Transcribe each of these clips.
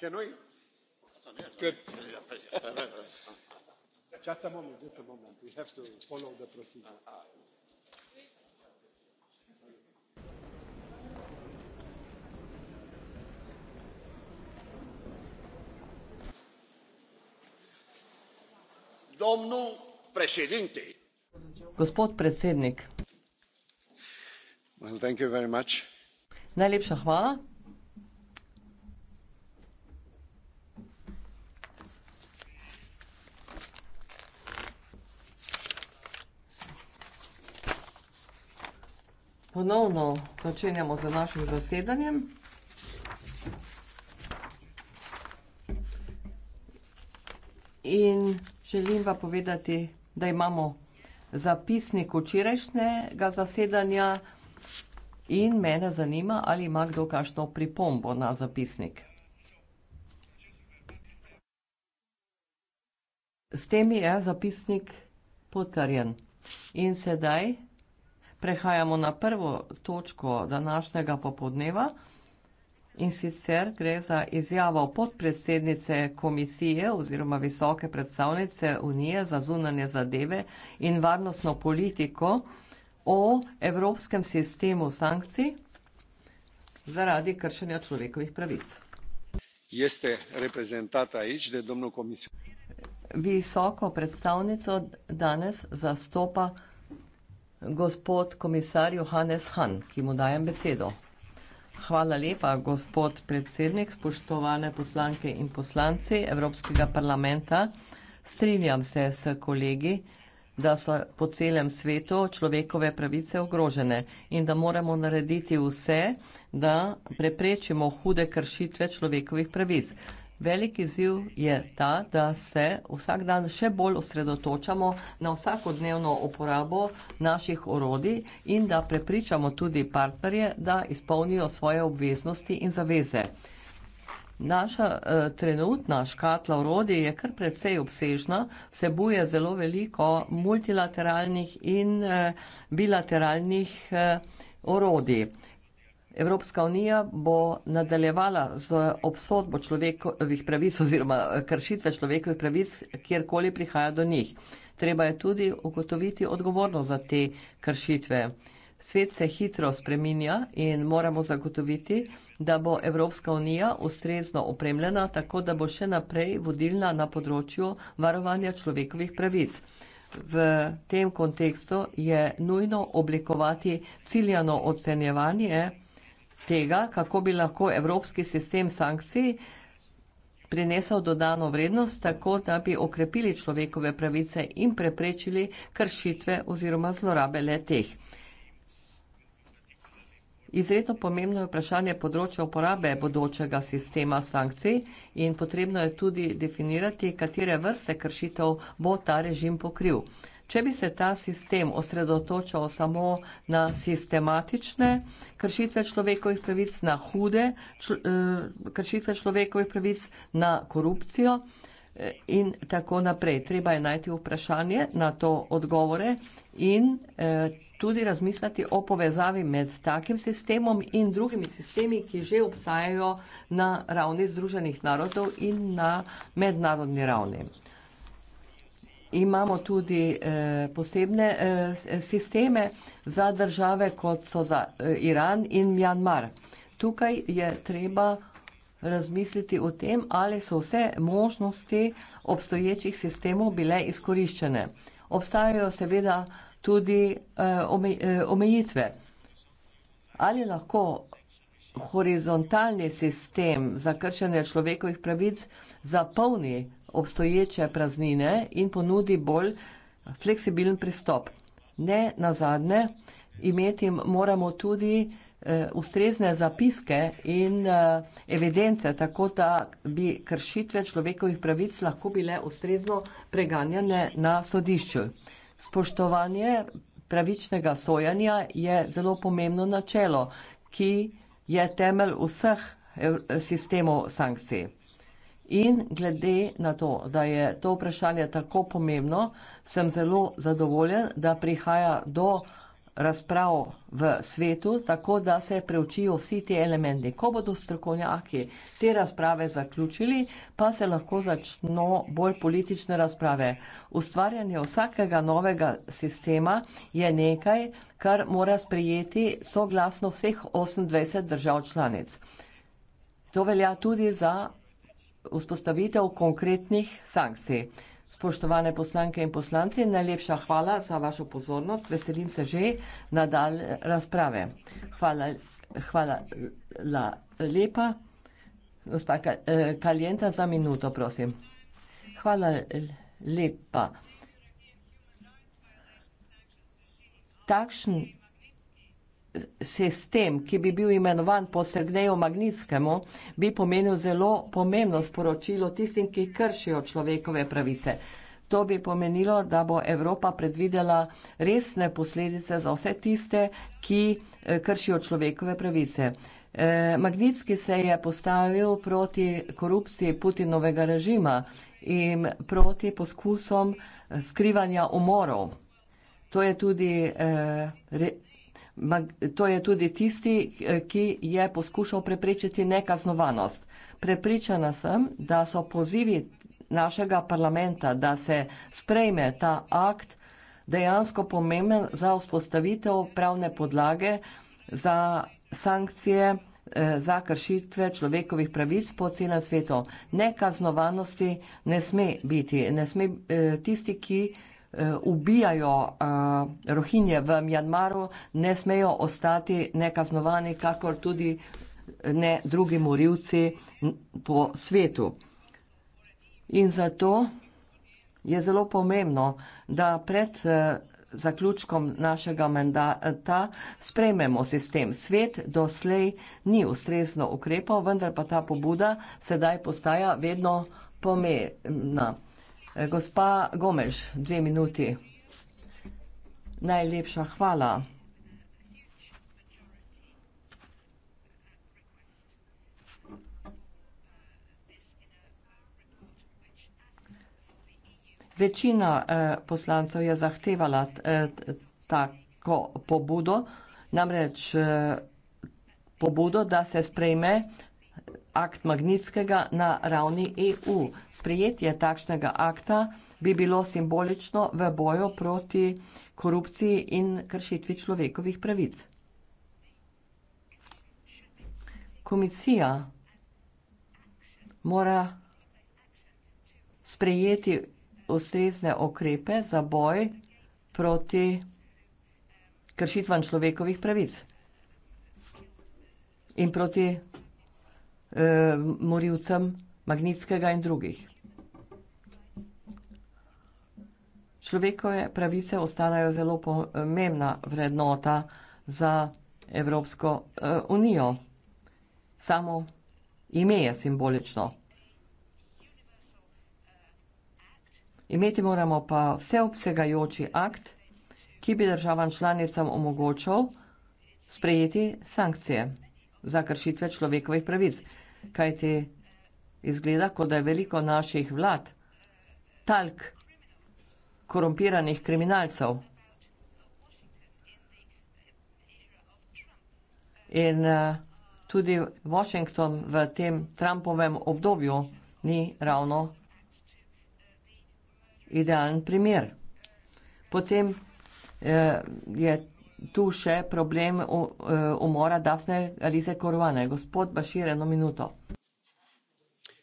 can no we good just a moment just a moment we have to follow the procedure. gospod predsednik najlepša hvala. ponovno začenjamo z za našim zasedanjem. In želim vam povedati, da imamo zapisnik včerajšnjega zasedanja in mene zanima, ali ima kdo kakšno pripombo na zapisnik. S tem je zapisnik potrjen. In sedaj Prehajamo na prvo točko današnjega popodneva in sicer gre za izjavo podpredsednice komisije oziroma visoke predstavnice Unije za zunanje zadeve in varnostno politiko o evropskem sistemu sankcij zaradi kršenja človekovih pravic. Visoko predstavnico danes zastopa gospod komisar Johannes Han, ki mu dajem besedo. Hvala lepa, gospod predsednik, spoštovane poslanke in poslanci Evropskega parlamenta. Strinjam se s kolegi, da so po celem svetu človekove pravice ogrožene in da moramo narediti vse, da preprečimo hude kršitve človekovih pravic. Velik izziv je ta, da se vsak dan še bolj osredotočamo na vsakodnevno uporabo naših orodij in da prepričamo tudi partnerje, da izpolnijo svoje obveznosti in zaveze. Naša eh, trenutna škatla orodij je kar precej obsežna, vsebuje zelo veliko multilateralnih in eh, bilateralnih eh, orodij. Evropska unija bo nadaljevala z obsodbo človekovih pravic oziroma kršitve človekovih pravic, kjerkoli prihaja do njih. Treba je tudi ugotoviti odgovornost za te kršitve. Svet se hitro spreminja in moramo zagotoviti, da bo Evropska unija ustrezno opremljena, tako da bo še naprej vodilna na področju varovanja človekovih pravic. V tem kontekstu je nujno oblikovati ciljano ocenjevanje tega, kako bi lahko evropski sistem sankcij prinesel dodano vrednost, tako da bi okrepili človekove pravice in preprečili kršitve oziroma zlorabe le teh. Izredno pomembno je vprašanje področja uporabe bodočega sistema sankcij in potrebno je tudi definirati, katere vrste kršitev bo ta režim pokril. Če bi se ta sistem osredotočal samo na sistematične kršitve človekovih pravic, na hude člo, eh, kršitve človekovih pravic, na korupcijo eh, in tako naprej. Treba je najti vprašanje na to odgovore in eh, tudi razmisliti o povezavi med takim sistemom in drugimi sistemi, ki že obstajajo na ravni Združenih narodov in na mednarodni ravni imamo tudi eh, posebne eh, sisteme za države, kot so za eh, Iran in Mjanmar. Tukaj je treba razmisliti o tem, ali so vse možnosti obstoječih sistemov bile izkoriščene. Obstajajo seveda tudi eh, ome, eh, omejitve. Ali lahko horizontalni sistem za kršenje človekovih pravic zapolni obstoječe praznine in ponudi bolj fleksibilen pristop. Ne na zadnje, imeti moramo tudi eh, ustrezne zapiske in eh, evidence, tako da bi kršitve človekovih pravic lahko bile ustrezno preganjane na sodišču. Spoštovanje pravičnega sojanja je zelo pomembno načelo, ki je temelj vseh eh, sistemov sankcij. In glede na to, da je to vprašanje tako pomembno, sem zelo zadovoljen, da prihaja do razprav v svetu, tako da se preučijo vsi ti elementi. Ko bodo strokovnjaki te razprave zaključili, pa se lahko začno bolj politične razprave. Ustvarjanje vsakega novega sistema je nekaj, kar mora sprejeti soglasno vseh 28 držav članic. To velja tudi za vzpostavitev konkretnih sankcij. Spoštovane poslanke in poslanci, najlepša hvala za vašo pozornost. Veselim se že nadalj razprave. Hvala, hvala la, lepa. Gospa eh, Kalienta, za minuto, prosim. Hvala lepa. Takšen sistem, ki bi bil imenovan po Sergeju Magnitskemu, bi pomenil zelo pomembno sporočilo tistim, ki kršijo človekove pravice. To bi pomenilo, da bo Evropa predvidela resne posledice za vse tiste, ki eh, kršijo človekove pravice. Eh, Magnitski se je postavil proti korupciji Putinovega režima in proti poskusom skrivanja umorov. To je tudi eh, To je tudi tisti, eh, ki je poskušal preprečiti nekaznovanost. Prepričana sem, da so pozivi našega parlamenta, da se sprejme ta akt, dejansko pomemben za vzpostavitev pravne podlage za sankcije eh, za kršitve človekovih pravic po celem svetu. Nekaznovanosti ne sme biti. Ne sme eh, tisti, ki Eh, ubijajo uh, rohinje v Mjanmaru, ne smejo ostati nekaznovani, kakor tudi eh, ne drugi morilci po svetu. In zato je zelo pomembno, da pred uh, zaključkom našega mandata sprejmemo sistem. Svet doslej ni ustrezno ukrepal, vendar pa ta pobuda sedaj postaja vedno pomembna. Eh, gospa Gomež, dve minuti. Najlepša hvala. Večina eh, poslancev je zahtevala eh, tako pobudo, namreč pobudo, da se sprejme akt Magnitskega na ravni EU. Sprejetje takšnega akta bi bilo simbolično v boju proti korupciji in kršitvi človekovih pravic. Komisija mora sprejeti ustrezne okrepe za boj proti kršitvam človekovih pravic in proti eh, morilcem Magnitskega in drugih. Človekove pravice ostanejo zelo pomembna vrednota za Evropsko eh, unijo. Samo ime je simbolično. Imeti moramo pa vseobsegajoči akt, ki bi državam članicam omogočal sprejeti sankcije za kršitve človekovih pravic kajti izgleda, kot da je veliko naših vlad talk korumpiranih kriminalcev. In eh, tudi Washington v tem Trumpovem obdobju ni ravno idealen primer. Potem eh, je tu še problem e, umora Dafne Alize Koruane. Gospod Bašir, eno minuto.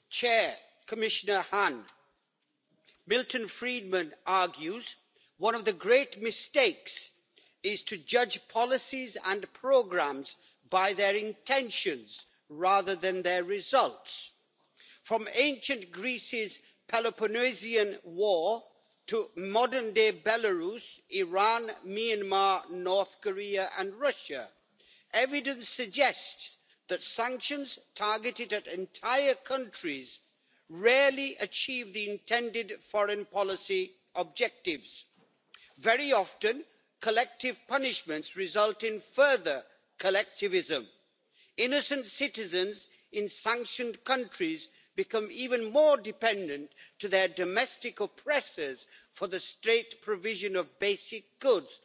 Chair, Commissioner Hahn, Milton Friedman argues one of the great mistakes is to judge policies and programs by their intentions rather than their results. From ancient Greece's Peloponnesian War to modern day belarus iran myanmar north korea and russia evidence suggests that sanctions targeted at entire countries rarely achieve the intended foreign policy objectives. very often collective punishments result in further collectivism. innocent citizens in sanctioned countries become even more dependent on their domestic oppressors for the straight provision of basic goods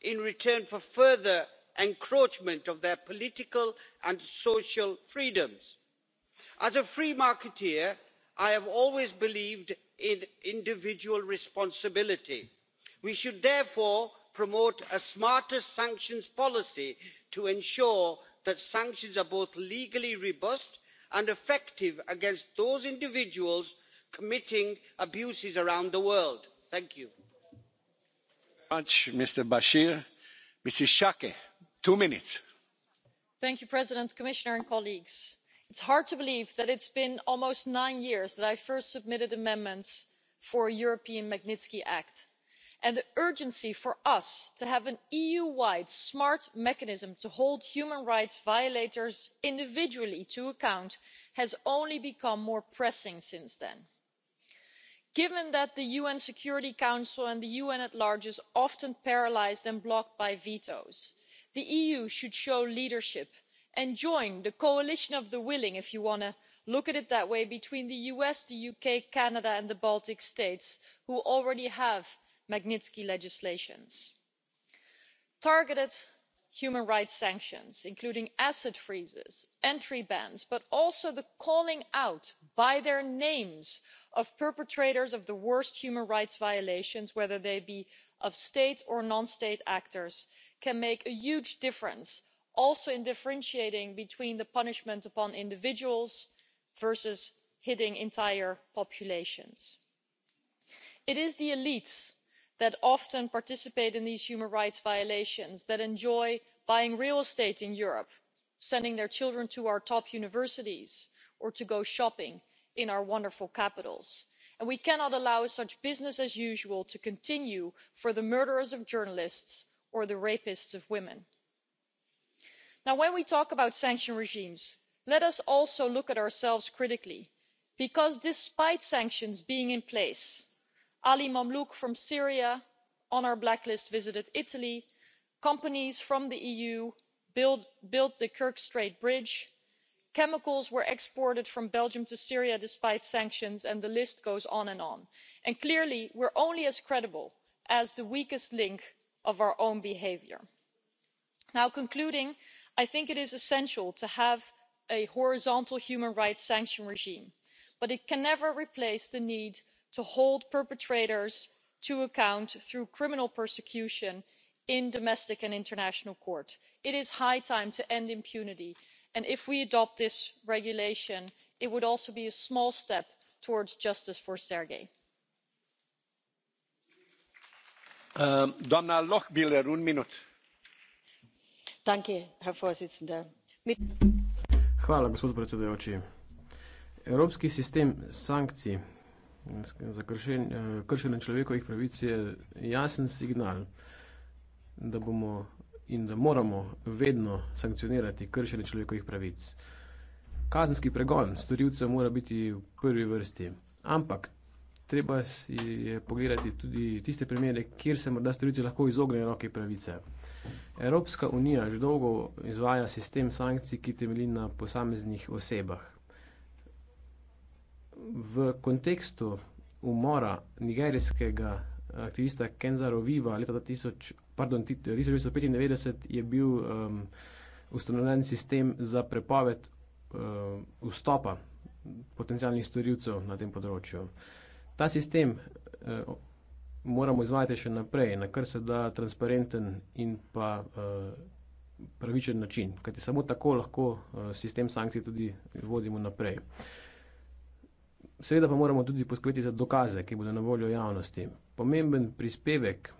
in return for further encroachment of their political and social freedoms. as a free marketeer i have always believed in individual responsibility. we should therefore promote a smarter sanctions policy to ensure that sanctions are both legally robust and effective against those individuals committing abuses around the world president commissioner and colleagues it's hard to believe that it's been almost nine years since i first submitted amendments for a european magnitsky act and the urgency for us to have an eu wide smart mechanism to hold human rights violators individually to account has only become more pressing since then given that the un security council and the un at large is often paralysed and blocked by vetoes the eu should show leadership and join the coalition of the willing if you want to look at it that way between the us the uk canada and the baltic states who already have magnitsky legislation. targeted human rights sanctions including asset freezes entry bans but also the calling out by their names of perpetrators of the worst human rights violations whether they be of state or non state actors can make a huge difference also in differentiating between the punishment upon individuals versus hitting entire populations. it is the elites that often participate in these human rights violations that enjoy buying real estate in europe sending their children to our top universities or to go shopping in our wonderful capitals and we cannot allow such business as usual to continue for the murderers of journalists or the rapists of women. now when we talk about sanction regimes let us also look at ourselves critically because despite sanctions being in place ali mamlouk from syria on our blacklist visited italy companies from the eu built the kerch strait bridge chemicals were exported from belgium to syria despite sanctions and the list goes on and on and clearly we're only as credible as the weakest link of our own behaviour. now concluding i think it is essential to have a horizontal human rights sanction regime but it can never replace the need to hold perpetrators to account through criminal prosecution in domestic and international court. it is high time to end impunity and if we adopt this regulation it would also be a small step towards justice for sergei. Um, gospod predsedujoči evropski sistem sankcij za eh, kršenje človekovih pravic je jasen signal, da bomo in da moramo vedno sankcionirati kršenje človekovih pravic. Kazenski pregon storilca mora biti v prvi vrsti, ampak treba je pogledati tudi tiste primere, kjer se morda storilci lahko izognejo roke pravice. Evropska unija že dolgo izvaja sistem sankcij, ki temelji na posameznih osebah v kontekstu umora nigerijskega eh, aktivista Kenza Roviva leta 2000, pardon, 1995 eh, je bil um, ustanovljen sistem za prepoved um, vstopa potencijalnih storilcev na tem področju. Ta sistem um, moramo izvajati še naprej, na kar se da transparenten in pa um, pravičen način, kajti samo tako lahko um, sistem sankcij tudi vodimo naprej. Um, Seveda pa moramo tudi poskrbeti za dokaze, ki bodo na voljo javnosti. Pomemben prispevek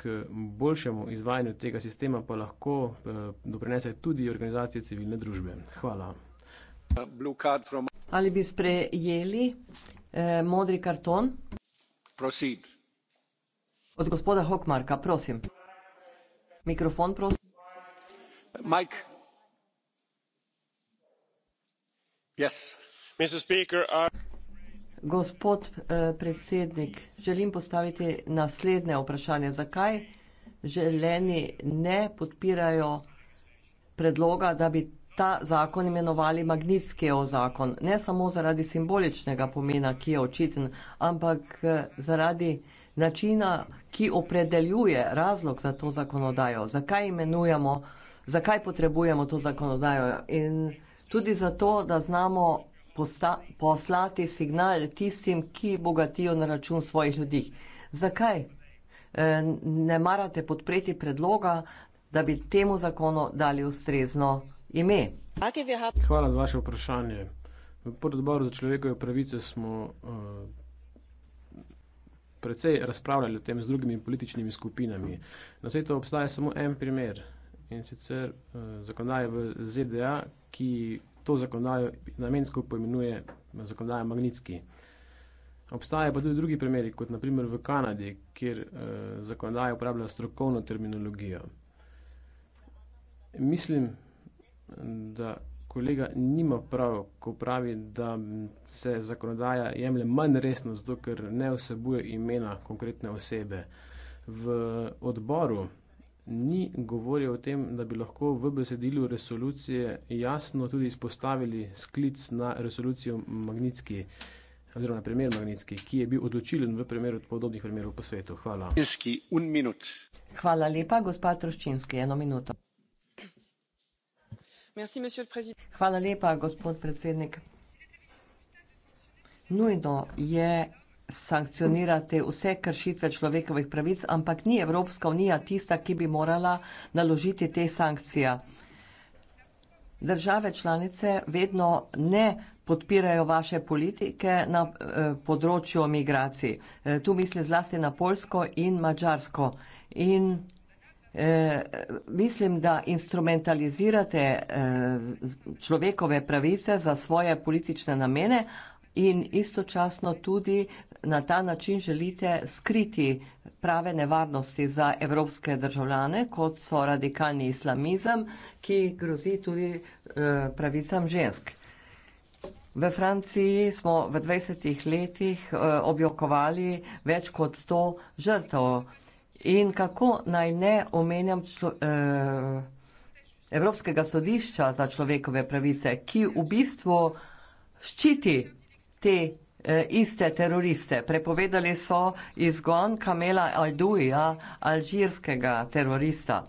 k boljšemu izvajanju tega sistema pa lahko eh, doprinese tudi organizacije civilne družbe. Hvala. From... Ali bi sprejeli eh, modri karton? Proceed. Od gospoda Hokmarka, prosim. Mikrofon, prosim. Mike. Yes. Mr. Speaker, uh... Gospod eh, predsednik, želim postaviti naslednje vprašanje. Zakaj želeni ne podpirajo predloga, da bi ta zakon imenovali Magnitski zakon? Ne samo zaradi simboličnega pomena, ki je očiten, ampak eh, zaradi načina, ki opredeljuje razlog za to zakonodajo. Zakaj imenujemo, zakaj potrebujemo to zakonodajo? In tudi zato, da znamo posta, poslati signal tistim, ki bogatijo na račun svojih ljudi. Zakaj e, ne marate podpreti predloga, da bi temu zakonu dali ustrezno ime? Hvala za vaše vprašanje. V podboru za človekove pravice smo uh, precej razpravljali o tem z drugimi političnimi skupinami. Na svetu obstaja samo en primer in sicer uh, e, zakonodaje v ZDA, ki To zakonodajo namensko poimenuje zakonodaja magnitski. Obstajajo pa tudi drugi primeri, kot naprimer v Kanadi, kjer uh, zakonodaja uporablja strokovno terminologijo. Mislim, da kolega nima prav, ko pravi, da se zakonodaja jemlje manj resno, zato ker ne vsebuje imena konkretne osebe. V odboru ni govoril o tem, da bi lahko v besedilu resolucije jasno tudi izpostavili sklic na resolucijo Magnitski, oziroma na primer Magnitski, ki je bil odločilen v primeru podobnih primerov po svetu. Hvala. Hvala lepa, gospod Troščinski, eno minuto. Hvala lepa, gospod predsednik. Nujno je sankcionirate vse kršitve človekovih pravic, ampak ni Evropska unija tista, ki bi morala naložiti te sankcije. Države članice vedno ne podpirajo vaše politike na eh, področju migracij. Eh, tu misli zlasti na Polsko in Mačarsko. In eh, mislim, da instrumentalizirate človekove pravice za svoje politične namene, in istočasno tudi na ta način želite skriti prave nevarnosti za evropske državljane, kot so radikalni islamizem, ki grozi tudi eh, pravicam žensk. V Franciji smo v 20 letih eh, objokovali več kot 100 žrtev. In kako naj ne omenjam člo, eh, Evropskega sodišča za človekove pravice, ki v bistvu ščiti te eh, iste teroriste. Prepovedali so izgon Kamela Alduija, alžirskega terorista.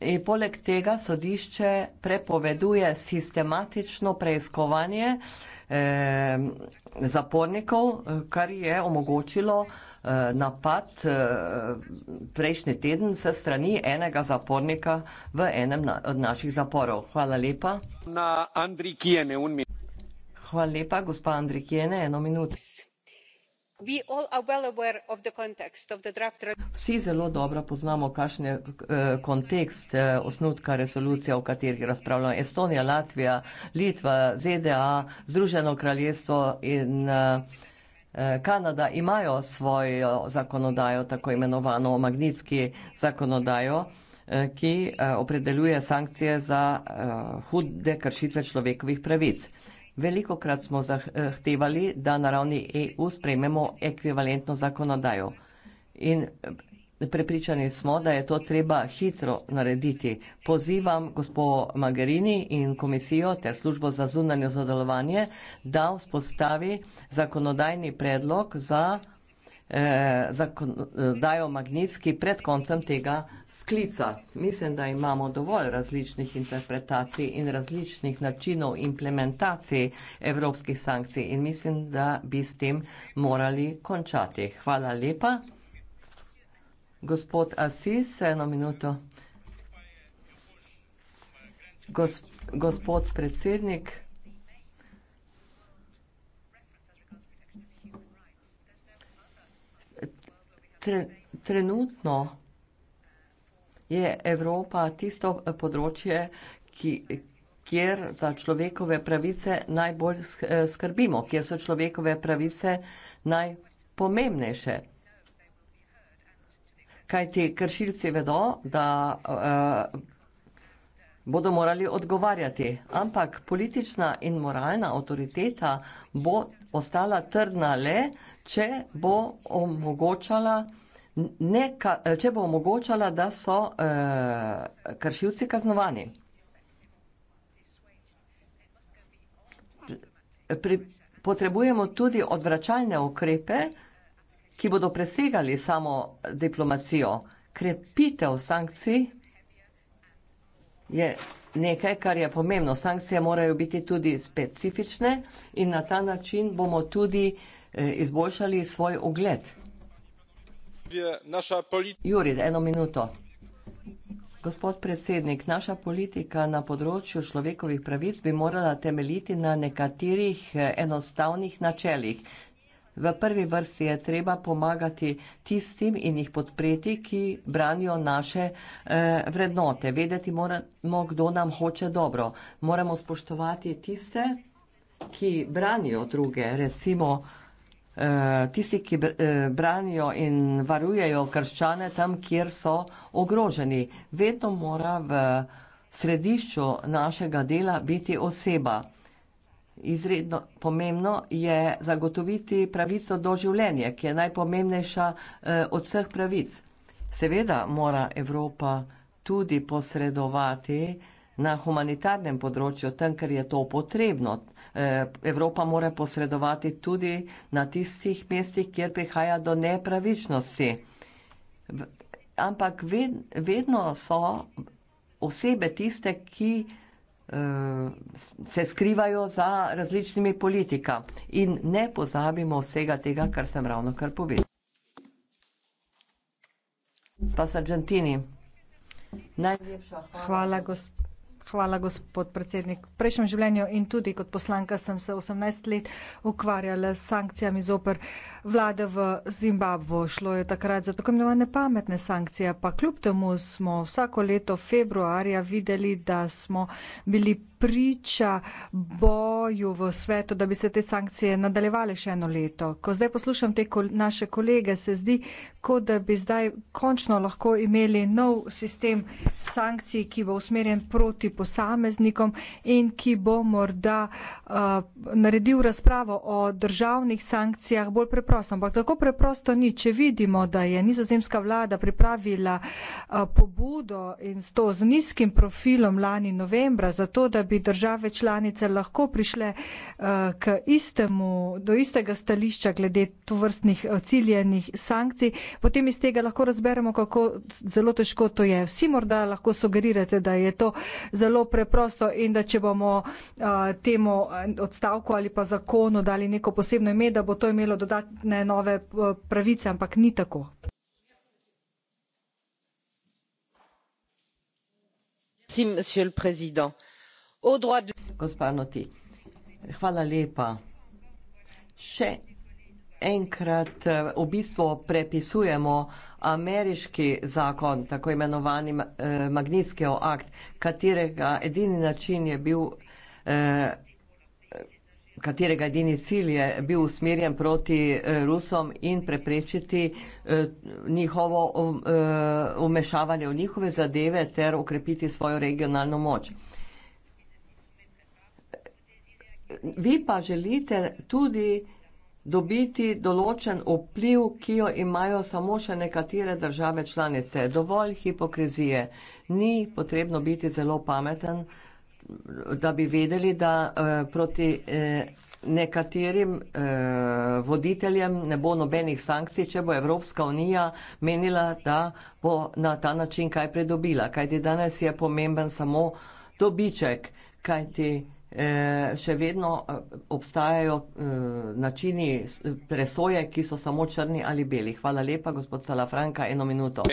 In poleg tega sodišče prepoveduje sistematično preiskovanje eh, zapornikov, kar je omogočilo eh, napad eh, prejšnji teden se strani enega zapornika v enem na, od naših zaporov. Hvala lepa. Na Andri Kijene, unmi. Hvala lepa. Gospa Andrikjene, eno minuto. Vsi zelo dobro poznamo, kakšen je eh, kontekst eh, osnutka resolucije, o kateri razpravljamo. Estonija, Latvija, Litva, ZDA, Združeno kraljestvo in eh, Kanada imajo svojo zakonodajo, tako imenovano magnitski zakonodajo, ki opredeljuje sankcije za hude kršitve človekovih pravic. Veliko krat smo zahtevali, da na ravni EU sprejmemo ekvivalentno zakonodajo. In prepričani smo, da je to treba hitro narediti. Pozivam gospod Magerini in komisijo ter službo za zunanje zadolovanje, da vzpostavi zakonodajni predlog za eh, zakon, eh, dajo magnetski pred koncem tega sklica. Mislim, da imamo dovolj različnih interpretacij in različnih načinov implementacije evropskih sankcij in mislim, da bi s tem morali končati. Hvala lepa. Gospod Asis, eno minuto. Gosp, gospod predsednik. tre, trenutno je Evropa tisto eh, področje, ki, kjer za človekove pravice najbolj eh, skrbimo, kjer so človekove pravice najpomembnejše. Kaj ti kršilci vedo, da uh, bodo morali odgovarjati, ampak politična in moralna avtoriteta bo ostala trdna le, uh, če bo omogočala, ne, če bo omogočala da so eh, kršilci kaznovani. Pri, potrebujemo tudi odvračalne ukrepe, ki bodo presegali samo diplomacijo. Krepitev sankcij je nekaj, kar je pomembno. Sankcije morajo biti tudi specifične in na ta način bomo tudi eh, Eh, izboljšali svoj ugled. Jurid, eno minuto. Gospod predsednik, naša politika na področju človekovih pravic bi morala temeljiti na nekaterih eh, enostavnih načelih. V prvi vrsti je treba pomagati tistim in jih podpreti, ki branijo naše eh, vrednote. Vedeti moramo, kdo nam hoče dobro. Moramo spoštovati tiste, ki branijo druge, recimo eh, Eh, tisti, ki eh, branijo in varujejo krščane tam, kjer so ogroženi. Vedno mora v središču našega dela biti oseba. Izredno pomembno je zagotoviti pravico do življenja, ki je najpomembnejša eh, od vseh pravic. Seveda mora Evropa tudi posredovati na humanitarnem področju, tam, ker je to potrebno. Eh, Evropa mora posredovati tudi na tistih mestih, kjer prihaja do nepravičnosti. Ampak ved, vedno so osebe tiste, ki eh, se skrivajo za različnimi politika in ne pozabimo vsega tega, kar sem ravno kar povedal. Spas Argentini. Najlepša hvala, hvala gospod. Hvala, gospod predsednik. V prejšnjem življenju in tudi kot poslanka sem se 18 let ukvarjala s sankcijami zoper vlade v Zimbabvo. Šlo je takrat za tako imenovane pametne sankcije, pa kljub temu smo vsako leto februarja videli, da smo bili priča boju v svetu, da bi se te sankcije nadaljevale še eno leto. Ko zdaj poslušam te kol naše kolege, se zdi, kot da bi zdaj končno lahko imeli nov sistem sankcij, ki bo usmerjen proti posameznikom in ki bo morda uh, naredil razpravo o državnih sankcijah bolj preprosto. Ampak tako preprosto ni. Če vidimo, da je nizozemska vlada pripravila uh, pobudo in s to z nizkim profilom lani novembra, zato da bi države članice lahko prišle eh, k istemu, do istega stališča glede tovrstnih eh, ciljenih sankcij, potem iz tega lahko razberemo, kako zelo težko to je. Vsi morda lahko sugerirate, da je to zelo preprosto in da če bomo eh, temu odstavku ali pa zakonu dali neko posebno ime, da bo to imelo dodatne nove pravice, ampak ni tako. Merci, Monsieur le Président. Gospa Noti, hvala lepa. Še enkrat, eh, v bistvu prepisujemo ameriški zakon, tako imenovani, eh, Magnitskijev akt, katerega edini način je bil, eh, katerega edini cilj je bil usmerjen proti, Rusom in preprečiti, njihovo, vmešavanje v njihove zadeve ter okrepiti svojo regionalno moč vi pa želite tudi dobiti določen vpliv, ki jo imajo samo še nekatere države članice. Dovolj hipokrizije. Ni potrebno biti zelo pameten, da bi vedeli, da eh, proti eh, nekaterim eh, voditeljem ne bo nobenih sankcij, če bo Evropska unija menila, da bo na ta način kaj pridobila. Kajti danes je pomemben samo dobiček, kajti Eh, še vedno eh, obstajajo eh, načini presoje, ki so samo črni ali beli. Hvala lepa, gospod Salafranca, eno minuto.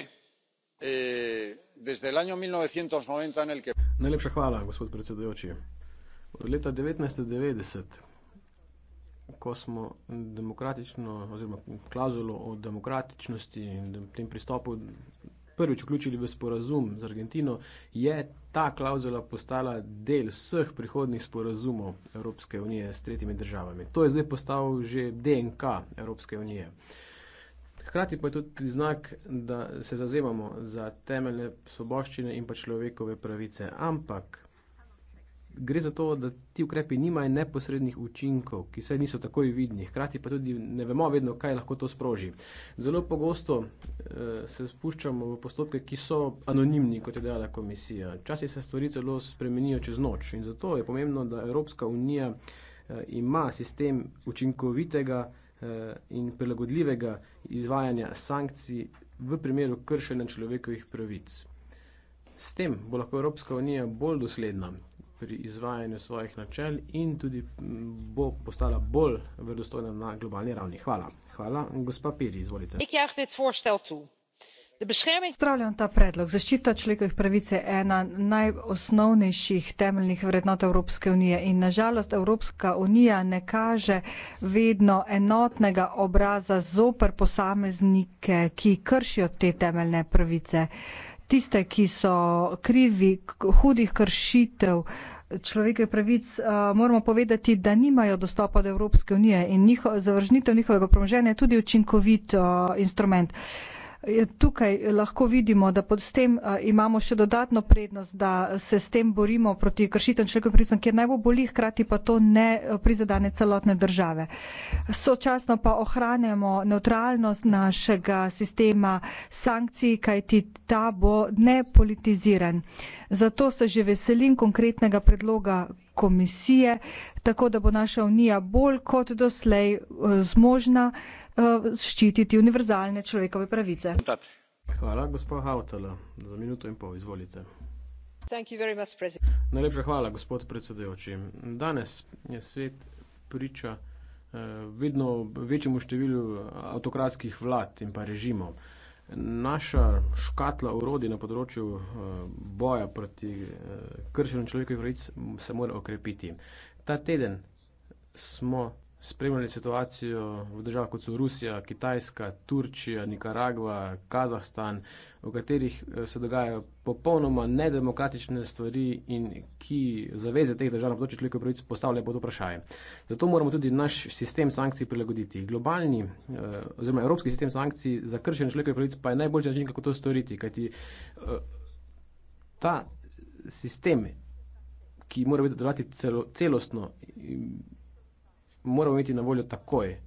Najlepša hvala, gospod predsedujoči. Od leta 1990, ko smo demokratično, oziroma klauzulo o demokratičnosti in tem pristopu prvič vključili v sporazum z Argentino, je ta klauzula postala del vseh prihodnih sporazumov Evropske unije s tretjimi državami. To je zdaj postal že DNK Evropske unije. Hkrati pa je tudi znak, da se zazemamo za temeljne svoboščine in pa človekove pravice. Ampak gre za to, da ti ukrepi nimajo neposrednih učinkov, ki se niso takoj vidni, hkrati pa tudi ne vemo vedno, kaj lahko to sproži. Zelo pogosto eh, se spuščamo v postopke, ki so anonimni, kot je dejala komisija. Včasih se stvari celo spremenijo čez noč in zato je pomembno, da Evropska unija eh, ima sistem učinkovitega eh, in prilagodljivega izvajanja sankcij v primeru kršenja človekovih pravic. S tem bo lahko Evropska unija bolj dosledna pri izvajanju svojih načel in tudi bo postala bolj verodostojna na globalni ravni. Hvala. Hvala. Gospa Piri, izvolite. Pozdravljam ta predlog. Zaščita človekovih pravic je ena najosnovnejših temeljnih vrednot Evropske unije in nažalost Evropska unija ne kaže vedno enotnega obraza zoper posameznike, ki kršijo te temeljne pravice tiste, ki so krivi hudih kršitev človekovih pravic, eh, moramo povedati, da nimajo dostopa do Evropske unije in njiho, zavržnitev njihovega premoženja je tudi učinkovit eh, instrument tukaj lahko vidimo, da pod s tem imamo še dodatno prednost, da se s tem borimo proti kršitem človekovih pravic, kjer najbolj boli, hkrati pa to ne prizadane celotne države. Sočasno pa ohranjamo neutralnost našega sistema sankcij, kajti ta bo nepolitiziran. Zato se že veselim konkretnega predloga komisije, tako da bo naša unija bolj kot doslej zmožna Eh, ščititi univerzalne človekove pravice. Hvala, gospod Hautala, za minuto in pol, izvolite. Much, Najlepša hvala, gospod predsedujoči. Danes je svet priča eh, vedno večjemu številu eh, avtokratskih vlad in pa režimov. Naša škatla urodi na področju eh, boja proti eh, kršenju človekovih pravic se mora okrepiti. Ta teden smo spremljali situacijo v državah kot so Rusija, Kitajska, Turčija, Nikaragva, Kazahstan, v katerih eh, se dogajajo popolnoma nedemokratične stvari in ki zaveze teh držav na področju človekovih pravic postavljajo pod vprašanje. Zato moramo tudi naš sistem sankcij prilagoditi. Globalni eh, oziroma evropski sistem sankcij za kršenje človekovih pravic pa je najboljši način, kako to storiti, kajti eh, ta sistem, ki mora biti delovati celo, celostno, moramo imeti na voljo takoj.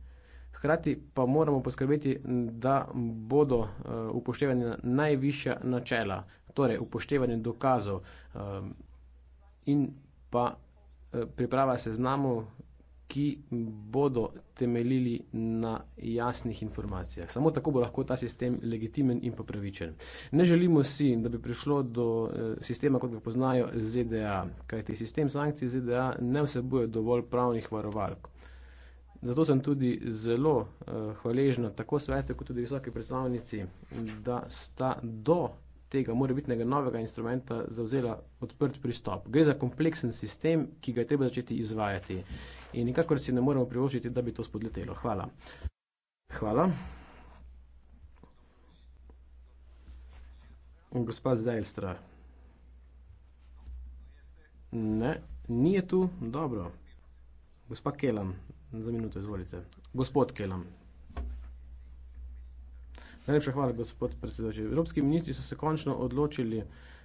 Hkrati pa moramo poskrbeti, da bodo uh, eh, upoštevanje najvišja načela, torej upoštevanje dokazov uh, in pa uh, priprava seznamov, ki bodo temeljili na jasnih informacijah. Samo tako bo lahko ta sistem legitimen in pa pravičen. Ne želimo si, da bi prišlo do uh, sistema, kot ga poznajo ZDA, kajti sistem sankcij ZDA ne vsebuje dovolj pravnih varovalk. Zato sem tudi zelo uh, hvaležna tako svete, kot tudi visoke predstavnici, da sta do tega morebitnega novega instrumenta zauzela odprt pristop. Gre za kompleksen sistem, ki ga je treba začeti izvajati in nikakor si ne moremo privoščiti, da bi to spodletelo. Hvala. Hvala. Gospod Zajlstra. Ne, nije tu, dobro. Gospa Kelan, za minuto, izvolite. Gospod Kelam. Najlepša hvala, gospod predsedoči. Evropski ministri so se končno odločili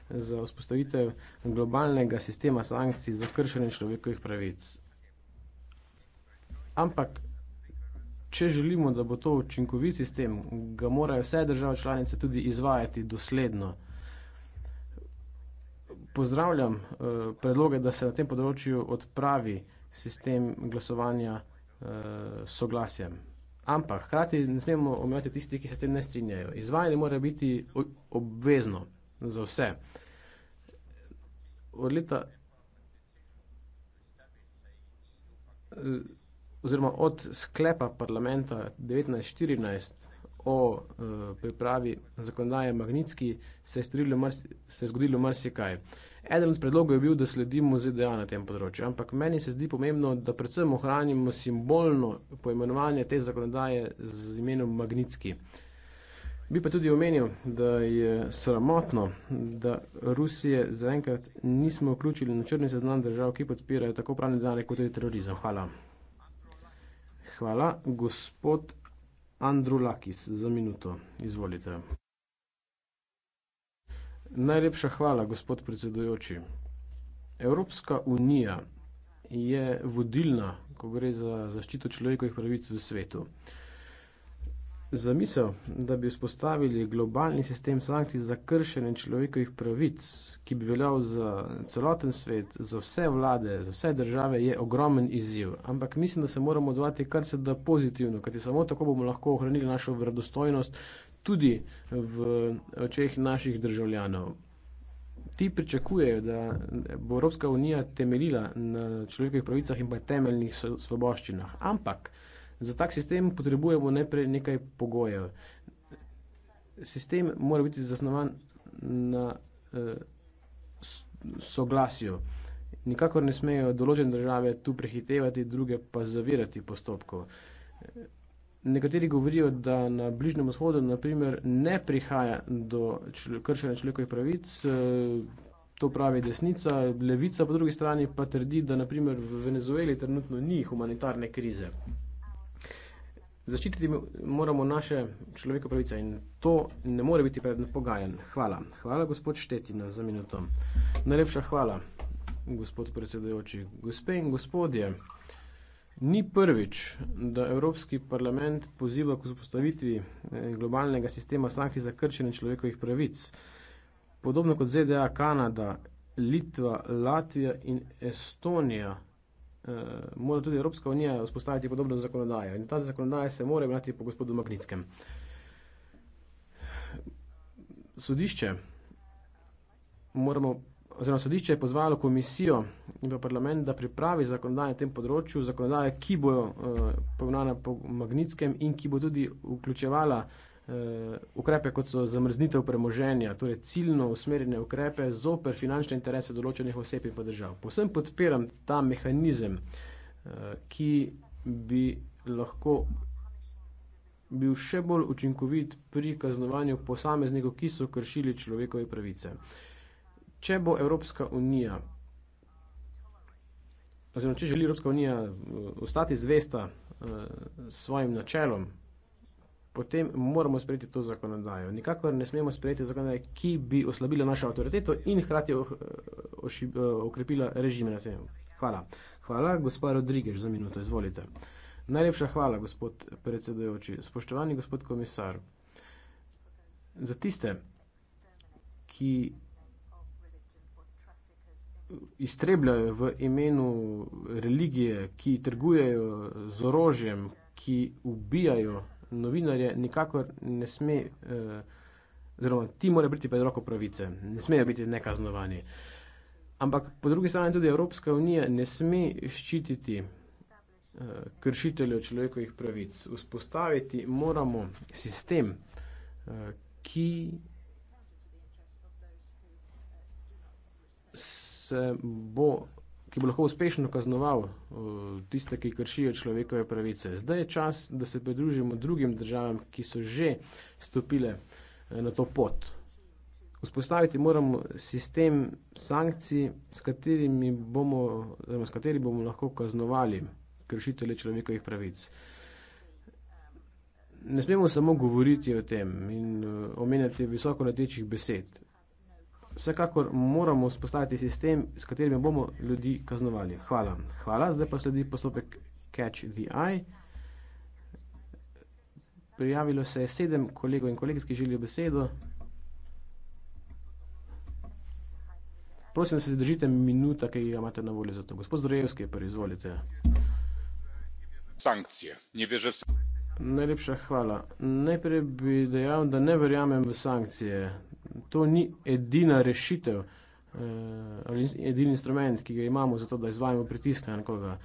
za vzpostavitev globalnega sistema sankcij za kršenje človekovih pravic. Ampak, če želimo, da bo to učinkovit sistem, ga morajo vse države članice tudi izvajati dosledno. Pozdravljam eh, predloge, da se na tem področju odpravi sistem glasovanja eh, uh, soglasjem. Ampak hkrati ne smemo omejati tistih, ki se s tem ne strinjajo. Izvajanje mora biti obvezno za vse. Od leta, eh, oziroma od sklepa parlamenta 1914 o uh, pripravi zakonodaje Magnitski, se je, mar, se je zgodilo marsikaj. Uh, Eden od predlogov je bil, da sledimo ZDA na tem področju, ampak meni se zdi pomembno, da predvsem ohranimo simbolno poimenovanje te zakonodaje z imenom Magnitski. Bi pa tudi omenil, da je sramotno, da Rusije zaenkrat nismo vključili na črni seznam držav, ki podpirajo tako pravne zane kot tudi terorizem. Hvala. Hvala, gospod Andrulakis, za minuto. Izvolite. Najlepša hvala, gospod predsedujoči. Evropska unija je vodilna, ko gre za zaščito človekovih pravic v svetu. Zamisel, da bi vzpostavili globalni sistem sankcij za kršenje človekovih pravic, ki bi veljal za celoten svet, za vse vlade, za vse države, je ogromen izziv. Ampak mislim, da se moramo odzvati kar se da pozitivno, kajti samo tako bomo lahko ohranili našo verodostojnost tudi v očeh naših državljanov. Ti pričakujejo, da bo Evropska unija temeljila na človekovih pravicah in pa temeljnih svoboščinah. Ampak za tak sistem potrebujemo najprej nekaj pogojev. Sistem mora biti zasnovan na eh, soglasju. Nikakor ne smejo določene države tu prehitevati, druge pa zavirati postopkov. Nekateri govorijo, da na Bližnem vzhodu naprimer, ne prihaja do kršenja človekovih pravic, eh, to pravi desnica, levica po drugi strani pa trdi, da naprimer, v Venezueli trenutno ni humanitarne krize. Zaščititi moramo naše človekove pravice in to ne more biti predmet pogajen. Hvala. Hvala, gospod Štetina, za minuto. Najlepša hvala, gospod predsedujoči. Gospe in gospodje. Ni prvič, da Evropski parlament poziva k vzpostavitvi eh, globalnega sistema sankcij za krčenje človekovih pravic. Podobno kot ZDA, Kanada, Litva, Latvija in Estonija, eh, mora tudi Evropska unija vzpostaviti podobno zakonodajo. In ta zakonodaja se mora imeti po gospodu Magnitskem. Sodišče moramo oziroma sodišče je pozvalo komisijo in pa parlament, da pripravi zakonodaje na tem področju, zakonodaje, ki bo eh, pojmenovana po Magnitskem in ki bo tudi vključevala eh, ukrepe, kot so zamrznitev premoženja, torej ciljno usmerjene ukrepe zoper finančne interese določenih oseb in pa držav. Posem podpiram ta mehanizem, eh, ki bi lahko bil še bolj učinkovit pri kaznovanju posameznikov, ki so kršili človekove pravice. Uh, če bo Evropska unija, oziroma če želi Evropska unija eh, ostati zvesta uh, svojim načelom, potem moramo sprejeti to zakonodajo. Nikakor ne smemo sprejeti zakonodaje, ki bi oslabila našo avtoriteto in hkrati eh, okrepila režime na tem. Hvala. Hvala, gospod Rodrigež, za minuto, izvolite. Najlepša hvala, gospod predsedojoči. Spoštovani gospod komisar, za tiste, ki iztrebljajo v imenu religije, ki trgujejo z orožjem, ki ubijajo novinarje, nikakor ne sme, eh, oziroma eh, ti morajo biti pred roko pravice, ne smejo biti nekaznovani. Ampak po drugi strani tudi Evropska unija ne sme ščititi eh, kršiteljev človekovih pravic. Vzpostaviti moramo sistem, eh, ki se bo, ki bo lahko uspešno kaznoval eh, tiste, ki kršijo človekove pravice. Zdaj je čas, da se pridružimo drugim državam, ki so že stopile eh, na to pot. Vzpostaviti moramo sistem sankcij, s katerimi bomo, oziroma, s kateri bomo lahko kaznovali kršitele človekovih pravic. Ne smemo samo govoriti o tem in eh, omenjati visoko letečih besed vsekakor moramo vzpostaviti sistem, s katerim bomo ljudi kaznovali. Hvala. Hvala. Zdaj pa sledi postopek Catch the Eye. Prijavilo se je sedem kolegov in kolegic, ki želijo besedo. Prosim, da se držite minuta, ki ga imate na voljo za to. Gospod Zdrojevski, izvolite. Sankcije. Ne veže Najlepša hvala. Najprej bi dejal, da ne verjamem v sankcije. To ni edina rešitev eh, ali edini instrument, ki ga imamo za to, da izvajamo pritiska na koga.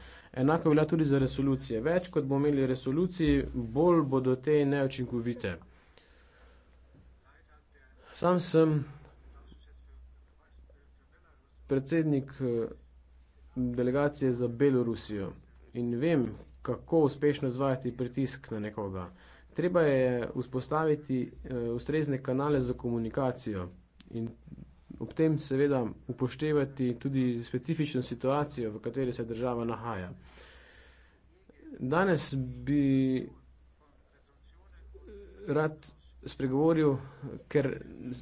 Enako velja tudi za resolucije. Več kot bomo imeli resoluciji, bolj bodo te neočinkovite. Sam sem predsednik eh, delegacije za Belorusijo in vem, kako uspešno izvajati pritisk na nekoga. Treba je vzpostaviti uh, ustrezne kanale za komunikacijo in ob tem seveda upoštevati tudi specifično situacijo, v kateri se država nahaja. Danes bi rad spregovoril, ker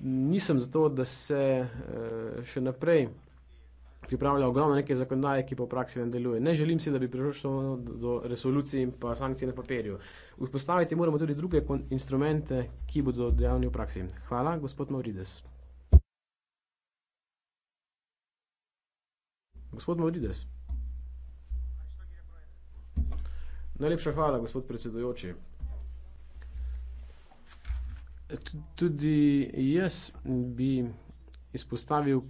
nisem zato, da se uh, še naprej pripravlja ogromno neke zakonodaje, ki pa v praksi ne deluje. Ne želim si, da bi prišlo samo do, do resolucij in pa sankcij na papirju. Vzpostaviti moramo tudi druge instrumente, ki bodo dejavni v praksi. Hvala, gospod Maurides. Gospod Maurides. Najlepša hvala, gospod predsedujoči. Tudi jaz bi izpostavil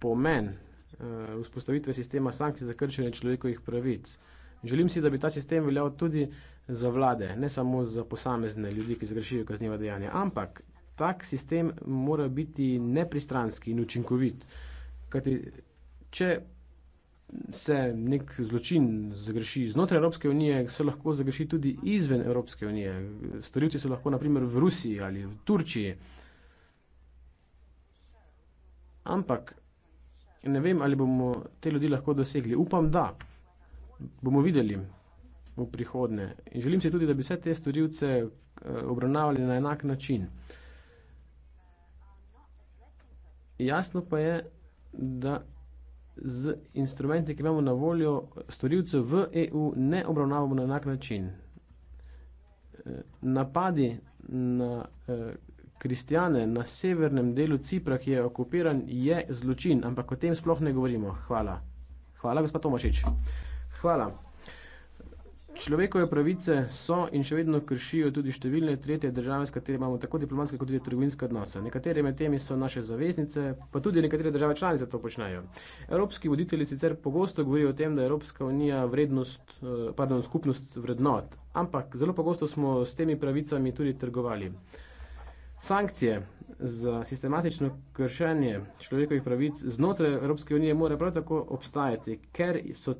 pomen Eh, vzpostavitve sistema sankcij za kršenje človekovih pravic. Želim si, da bi ta sistem veljal tudi za vlade, ne samo za posamezne ljudi, ki zgrešijo kazniva dejanja, ampak tak sistem mora biti nepristranski in učinkovit. Kajti, če se nek zločin zagreši znotraj Evropske unije, se lahko zagreši tudi izven Evropske unije. Storilci so lahko naprimer v Rusiji ali v Turčiji. Ampak In ne vem, ali bomo te ljudi lahko dosegli. Upam, da bomo videli v prihodnje. In želim si tudi, da bi vse te storilce eh, obravnavali na enak način. Jasno pa je, da z instrumenti, ki imamo na voljo, storilce v EU ne obravnavamo na enak način. Eh, napadi na eh, kristijane na severnem delu Cipra, ki je okupiran, je zločin, ampak o tem sploh ne govorimo. Hvala. Hvala, gospod Tomašič. Hvala. Človekove pravice so in še vedno kršijo tudi številne tretje države, s katerimi imamo tako diplomatske kot tudi trgovinske odnose. Nekatere med temi so naše zaveznice, pa tudi nekatere države članice to počnejo. Evropski voditelji sicer pogosto govorijo o tem, da je Evropska unija vrednost, eh, pardon, skupnost vrednot, ampak zelo pogosto smo s temi pravicami tudi trgovali sankcije za sistematično kršenje človekovih pravic znotraj Evropske unije mora prav tako obstajati, ker, so,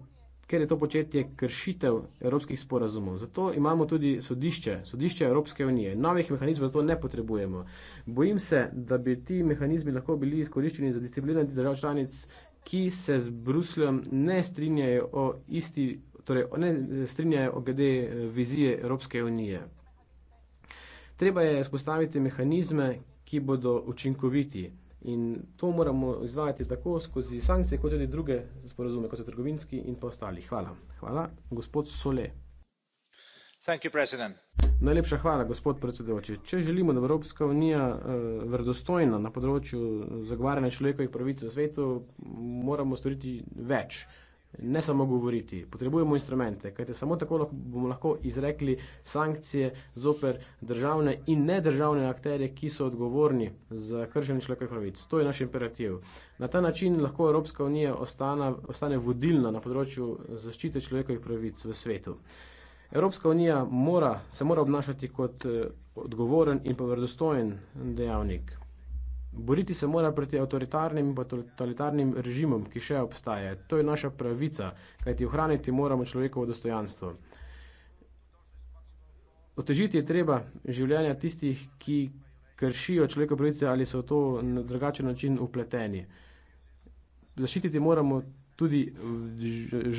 ker je to početje kršitev evropskih sporazumov. Zato imamo tudi sodišče, sodišče Evropske unije. Novih mehanizmov zato ne potrebujemo. Bojim se, da bi ti mehanizmi lahko bili izkoriščeni za discipliniranje držav članic, ki se z Brusljem ne strinjajo o isti, torej ne strinjajo o glede eh, vizije Evropske unije. Treba je spostaviti mehanizme, ki bodo učinkoviti in to moramo izvajati tako skozi sankcije, kot tudi druge sporozume, kot so trgovinski in pa ostali. Hvala. Hvala, gospod Sole. Thank you, president. Najlepša hvala, gospod predsedujoči. Če želimo, da bo Evropska unija uh, verodostojna na področju zagovarjanja človekovih pravic v svetu, moramo storiti več ne samo govoriti, potrebujemo instrumente, kajte samo tako bomo lahko izrekli sankcije zoper državne in nedržavne akterje, ki so odgovorni za kršenje človekovih pravic. To je naš imperativ. Na ta način lahko Evropska unija ostana, ostane vodilna na področju zaščite človekovih pravic v svetu. Evropska unija mora, se mora obnašati kot eh, odgovoren in pa verodostojen dejavnik. Boriti se mora proti avtoritarnim in totalitarnim režimom, ki še obstaje. To je naša pravica, kajti ohraniti moramo človekovo dostojanstvo. Otežiti je treba življenja tistih, ki kršijo človekove pravice ali so v to na drugačen način upleteni. Zaščititi moramo tudi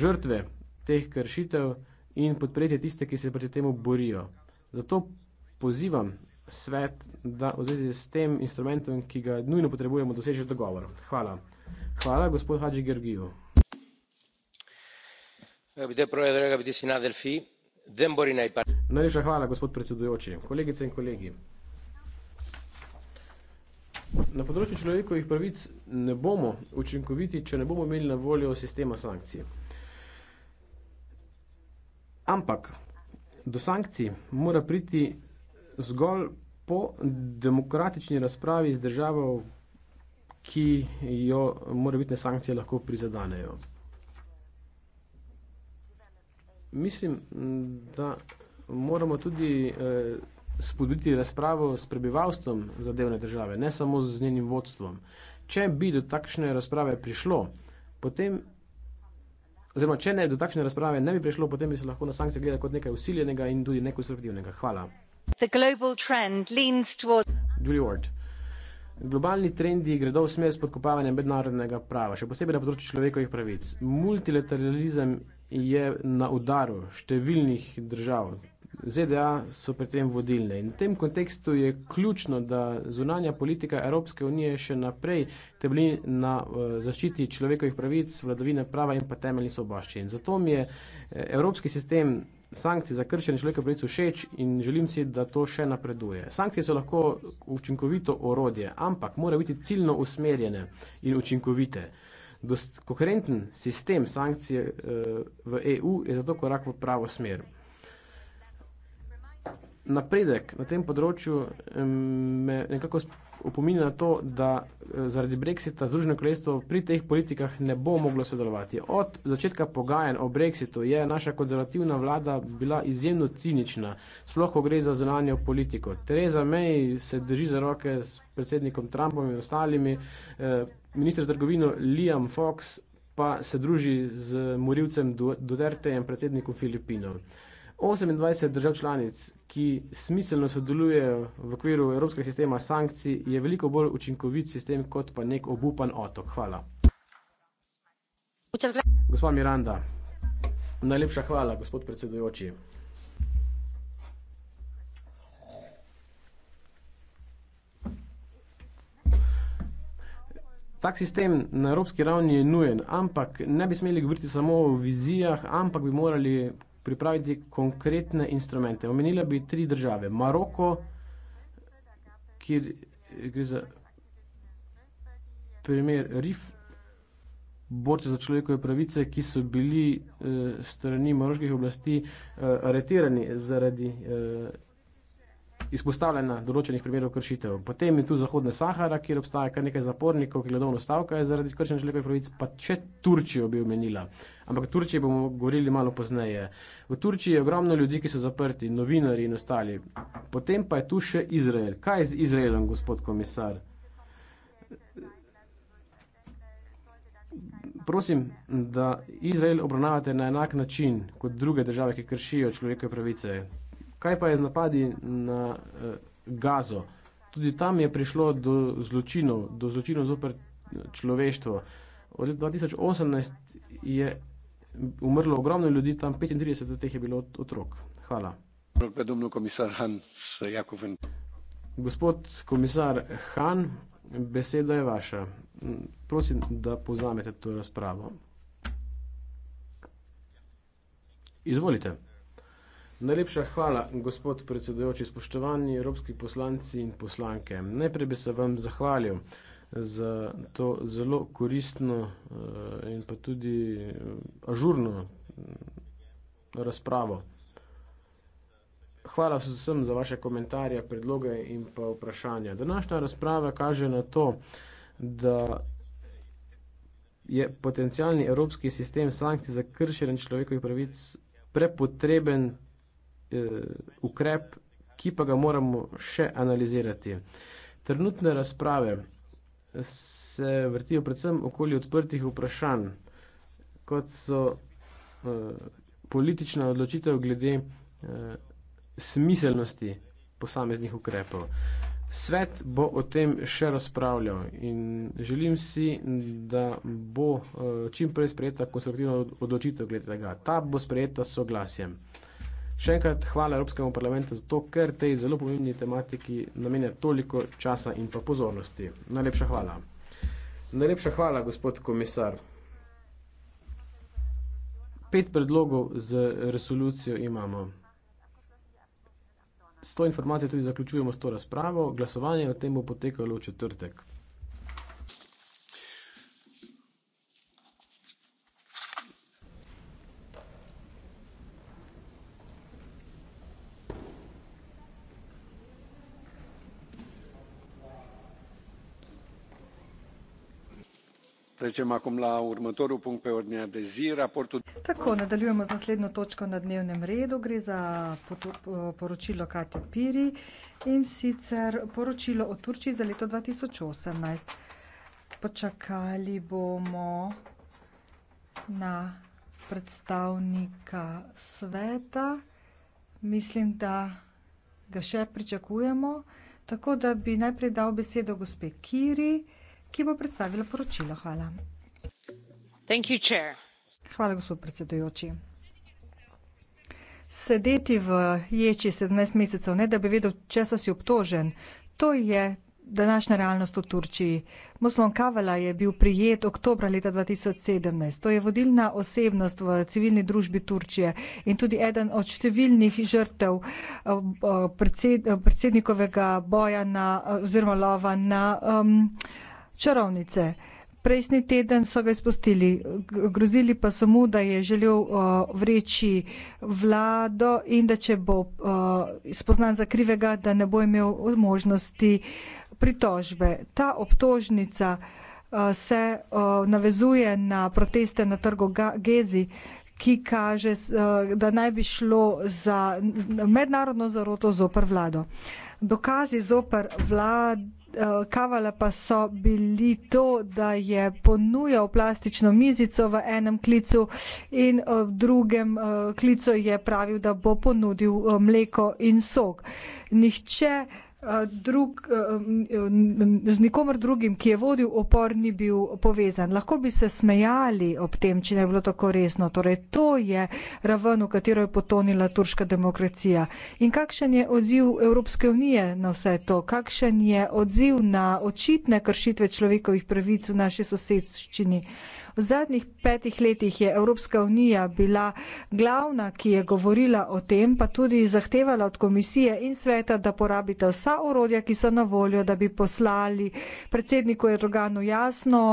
žrtve teh kršitev in podpreti tiste, ki se proti temu borijo. Zato pozivam svet, da v zvezi s tem instrumentom, ki ga nujno potrebujemo, dosežeš dogovor. Hvala. Hvala, gospod Hadži Georgiou. Najlepša hvala, gospod predsedujoči. Kolegice in kolegi. Na področju človekovih pravic ne bomo učinkoviti, če ne bomo imeli na voljo sistema sankcij. Ampak do sankcij mora priti zgolj po demokratični razpravi z državo, ki jo morebitne sankcije lahko prizadanejo. Mislim, da moramo tudi eh, spodbuditi razpravo s prebivalstvom zadevne države, ne samo z njenim vodstvom. Če bi do takšne razprave prišlo, potem, oziroma če ne, do takšne razprave ne bi prišlo, potem bi se lahko na sankcije gledali kot nekaj usiljenega in tudi nekonstruktivnega. Hvala. Globalni trendi gredo v smer spodkopavanja mednarodnega prava, še posebej na področju človekovih pravic. Multilateralizem je na udaru številnih držav. ZDA so pri tem vodilne in v tem kontekstu je ključno, da zunanja politika Evropske unije še naprej temelji na eh, zaščiti človekovih pravic, vladavine prava in pa temeljnih svoboščin. Zato mi je eh, evropski sistem sankcij za kršenje človekovih pravic všeč in želim si, da to še napreduje. Sankcije so lahko učinkovito orodje, ampak morajo biti ciljno usmerjene in učinkovite. Dost, koherenten sistem sankcij eh, e, v EU je zato korak v pravo smer. Napredek na tem področju me nekako opominja na to, da eh, zaradi Brexita Združeno kraljestvo pri teh politikah ne bo moglo sodelovati. Od začetka pogajanj o Brexitu je naša konzervativna vlada bila izjemno cinična, sploh ko gre za zunanjo politiko. Tereza May se drži za roke s predsednikom Trumpom in ostalimi, eh, minister trgovino Liam Fox pa se druži z morilcem Dutertejem, predsednikom Filipinov. 28 držav članic ki smiselno sodelujejo v okviru evropskega sistema sankcij, je veliko bolj učinkovit sistem kot pa nek obupan otok. Hvala. Gospa Miranda, najlepša hvala, gospod predsedujoči. Tak sistem na evropski ravni je nujen, ampak ne bi smeli govoriti samo o vizijah, ampak bi morali pripraviti konkretne instrumente. Omenila bi tri države. Maroko, kjer gre za primer RIF, borce za človekove pravice, ki so bili eh, strani maroških oblasti eh, aretirani zaradi eh, izpostavljena določenih primerov kršitev. Potem je tu Zahodna Sahara, kjer obstaja kar nekaj zapornikov, ki gledovno stavkajo zaradi kršenja človekovih pravic, pa če Turčijo bi omenila. Ampak o Turčiji bomo govorili malo pozneje. V Turčiji je ogromno ljudi, ki so zaprti, novinari in ostali. Potem pa je tu še Izrael. Kaj je z Izraelom, gospod komisar? Prosim, da Izrael obravnavate na enak način kot druge države, ki kršijo človekove pravice. Kaj pa je z napadi na uh, Gazo? Tudi tam je prišlo do zločinov, do zločinov zoper eh, človeštvo. Od leta 2018 je umrlo ogromno ljudi, tam 35 od teh je bilo otrok. Hvala. Gospod komisar Han, beseda je vaša. Prosim, da pozamete to razpravo. Izvolite. Najlepša hvala, gospod predsedujoči, spoštovani evropski poslanci in poslanke. Najprej bi se vam zahvalil za to zelo koristno eh, in pa tudi eh, ažurno mm, razpravo. Hvala vsem za vaše komentarje, predloge in pa vprašanja. Današnja razprava kaže na to, da je potencijalni evropski sistem sankcij za kršenje človekovih pravic prepotreben, eh, ukrep, ki pa ga moramo še analizirati. Trenutne razprave se vrtijo predvsem okoli odprtih vprašanj, kot so eh, politična odločitev glede eh, smiselnosti posameznih ukrepov. Svet bo o tem še razpravljal in želim si, da bo eh, čim prej sprejeta konstruktivna odločitev glede tega. Ta bo sprejeta s soglasjem. Še enkrat hvala Evropskemu parlamentu za to, ker tej zelo pomembni tematiki namenja toliko časa in pa pozornosti. Najlepša hvala. Najlepša hvala, gospod komisar. Pet predlogov z resolucijo imamo. S to informacijo tudi zaključujemo s to razpravo. Glasovanje o tem bo potekalo v četrtek. Tako, nadaljujemo z naslednjo točko na dnevnem redu. Gre za poročilo Katja Piri in sicer poročilo o Turčiji za leto 2018. Počakali bomo na predstavnika sveta. Mislim, da ga še pričakujemo. Tako da bi najprej dal besedo gospe Kiri ki bo predstavila poročilo. Hvala. Hvala, gospod predsedujoči. Sedeti v ječi 17 mesecev, ne da bi vedel, česa si obtožen, to je današnja realnost v Turčiji. Moslom Kavala je bil prijet oktobra leta 2017. To je vodilna osebnost v civilni družbi Turčije in tudi eden od številnih žrtev eh, eh, eh, predsednikovega boja na, oziroma lova na um, čarovnice. Prejšnji teden so ga izpustili, grozili pa so mu, da je želel uh, vreči vlado in da če bo uh, spoznan za krivega, da ne bo imel možnosti pritožbe. Ta obtožnica uh, se uh, navezuje na proteste na trgu Gezi, ki kaže, uh, da naj bi šlo za mednarodno zaroto zoper vlado. Dokazi zoper vlado. Eh, kavala pa so bili to, da je ponujal plastično mizico v enem klicu in eh, v drugem eh, klicu je pravil, da bo ponudil mleko in sok. Nihče drug, z nikomer drugim, ki je vodil opor, ni bil povezan. Lahko bi se smejali ob tem, če ne bi bilo tako resno. Torej, to je raven, v katero je potonila turška demokracija. In kakšen je odziv Evropske unije na vse to? Kakšen je odziv na očitne kršitve človekovih pravic v naši sosedščini? V zadnjih petih letih je Evropska unija bila glavna, ki je govorila o tem, pa tudi zahtevala od komisije in sveta, da porabite vsa orodja, ki so na voljo, da bi poslali predsedniku Erdoganu jasno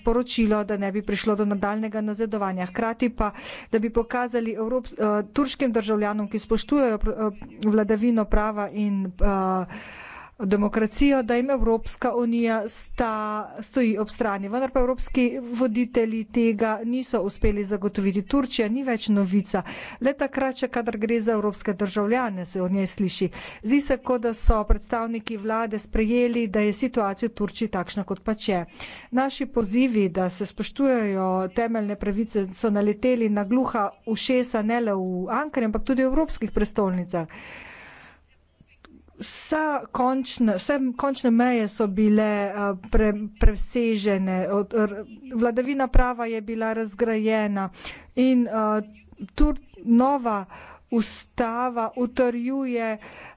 sporočilo, da ne bi prišlo do nadaljnega nazadovanja. Hkrati pa, da bi pokazali Evrops, eh, turškim državljanom, ki spoštujejo eh, vladavino prava in uh, demokracijo, da jim Evropska unija sta, stoji ob strani. Vendar pa evropski voditelji tega niso uspeli zagotoviti. Turčija ni več novica. Le takrat, če kadar gre za evropske državljane, se o njej sliši. Zdi se, kot da so predstavniki vlade sprejeli, da je situacija v Turčiji takšna, kot pa če. Naši pozivi, da se spoštujejo temeljne pravice, so naleteli na gluha ušesa ne le v Ankari, ampak tudi v evropskih prestolnicah. Vsa končna, vse končne meje so bile eh, pre, presežene, od, r, vladavina prava je bila razgrajena in uh, eh, tu nova ustava utrjuje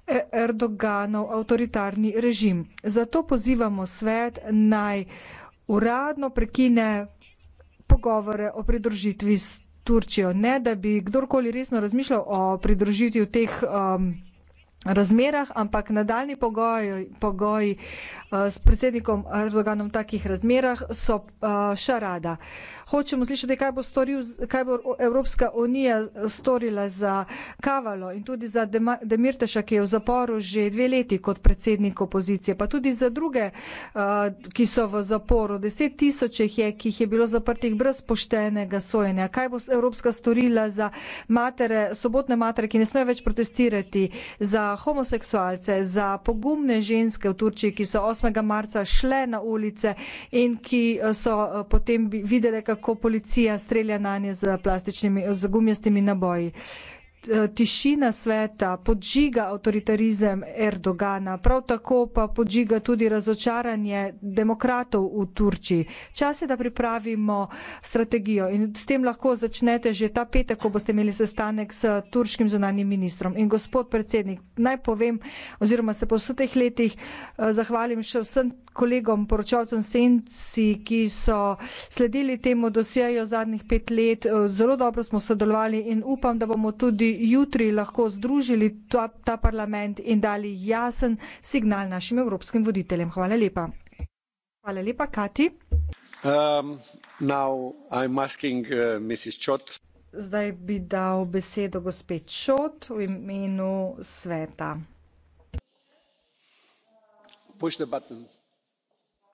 eh, Erdoganov avtoritarni režim. Zato pozivamo svet naj uradno prekine pogovore o pridružitvi s Turčijo, ne da bi kdorkoli resno razmišljal o pridružitvi v teh. Um, razmerah, ampak nadaljni pogoji, pogoji eh, s predsednikom Erdoganom v takih razmerah so eh, šarada. Hočemo slišati, kaj bo storil, kaj bo Evropska unija eh, storila za Kavalo in tudi za Demirteša, ki je v zaporu že dve leti kot predsednik opozicije, pa tudi za druge, ki so v zaporu. Deset tisoče jih je, ki jih je bilo zaprtih brez poštenega sojenja. Kaj bo Evropska storila za matere, sobotne matere, ki ne sme več protestirati za homoseksualce, za pogumne ženske v Turčiji, ki so 8. marca šle na ulice in ki eh, so eh, potem videle, kako policija strelja na nje z, z gumijastimi naboji. Uh, Eh, tišina sveta, podžiga avtoritarizem Erdogana, prav tako pa podžiga tudi razočaranje demokratov v Turčiji. Čas je, da pripravimo strategijo in s tem lahko začnete že ta petek, ko boste imeli sestanek s turškim zunanjim ministrom. In gospod predsednik, naj povem oziroma se po vseh teh letih eh, zahvalim še vsem kolegom, poročalcem Senci, ki so sledili temu dosjeju zadnjih pet let. Eh, zelo dobro smo sodelovali in upam, da bomo tudi jutri lahko združili ta, ta parlament in dali jasen signal našim evropskim voditeljem. Hvala lepa. Hvala lepa, Kati. Um, asking, uh, Zdaj bi dal besedo gospod Čot v imenu sveta. Push the button.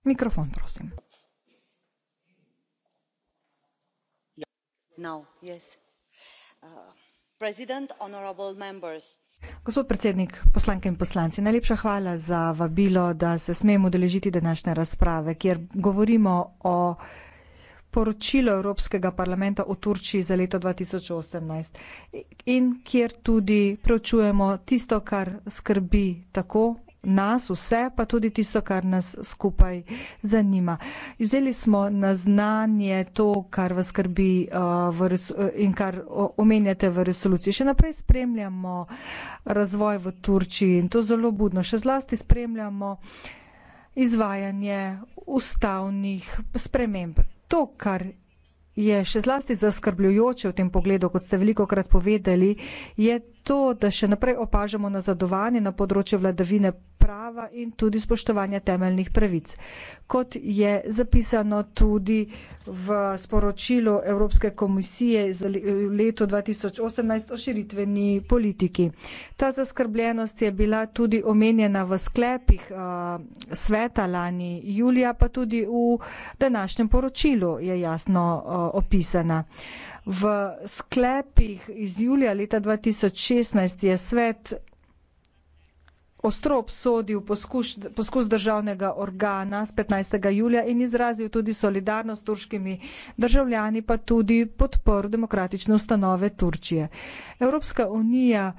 Mikrofon, prosim. Uh, Gospod predsednik, poslanke in poslanci, najlepša hvala za vabilo, da se smem udeležiti današnje razprave, kjer govorimo o poročilu Evropskega parlamenta o Turčiji za leto 2018 in kjer tudi preučujemo tisto, kar skrbi tako nas vse, pa tudi tisto, kar nas skupaj zanima. Vzeli smo na znanje to, kar vas skrbi uh, res, uh, in kar omenjate v resoluciji. Še naprej spremljamo razvoj v Turčiji in to zelo budno. Še zlasti spremljamo izvajanje ustavnih sprememb. To, kar je še zlasti zaskrbljujoče v tem pogledu, kot ste veliko krat povedali, je to, da še naprej opažamo nazadovanje na področju vladavine prava in tudi spoštovanja temeljnih pravic. Kot je zapisano tudi v sporočilu Evropske komisije za leto 2018 o širitveni politiki. Ta zaskrbljenost je bila tudi omenjena v sklepih uh, sveta lani julija, pa tudi v današnjem poročilu je jasno uh, opisana. Uh, V sklepih iz julija leta 2016 je svet ostro obsodil poskuš, poskus državnega organa z 15. julija in izrazil tudi solidarnost s turškimi državljani, pa tudi podpor demokratične ustanove Turčije. Evropska unija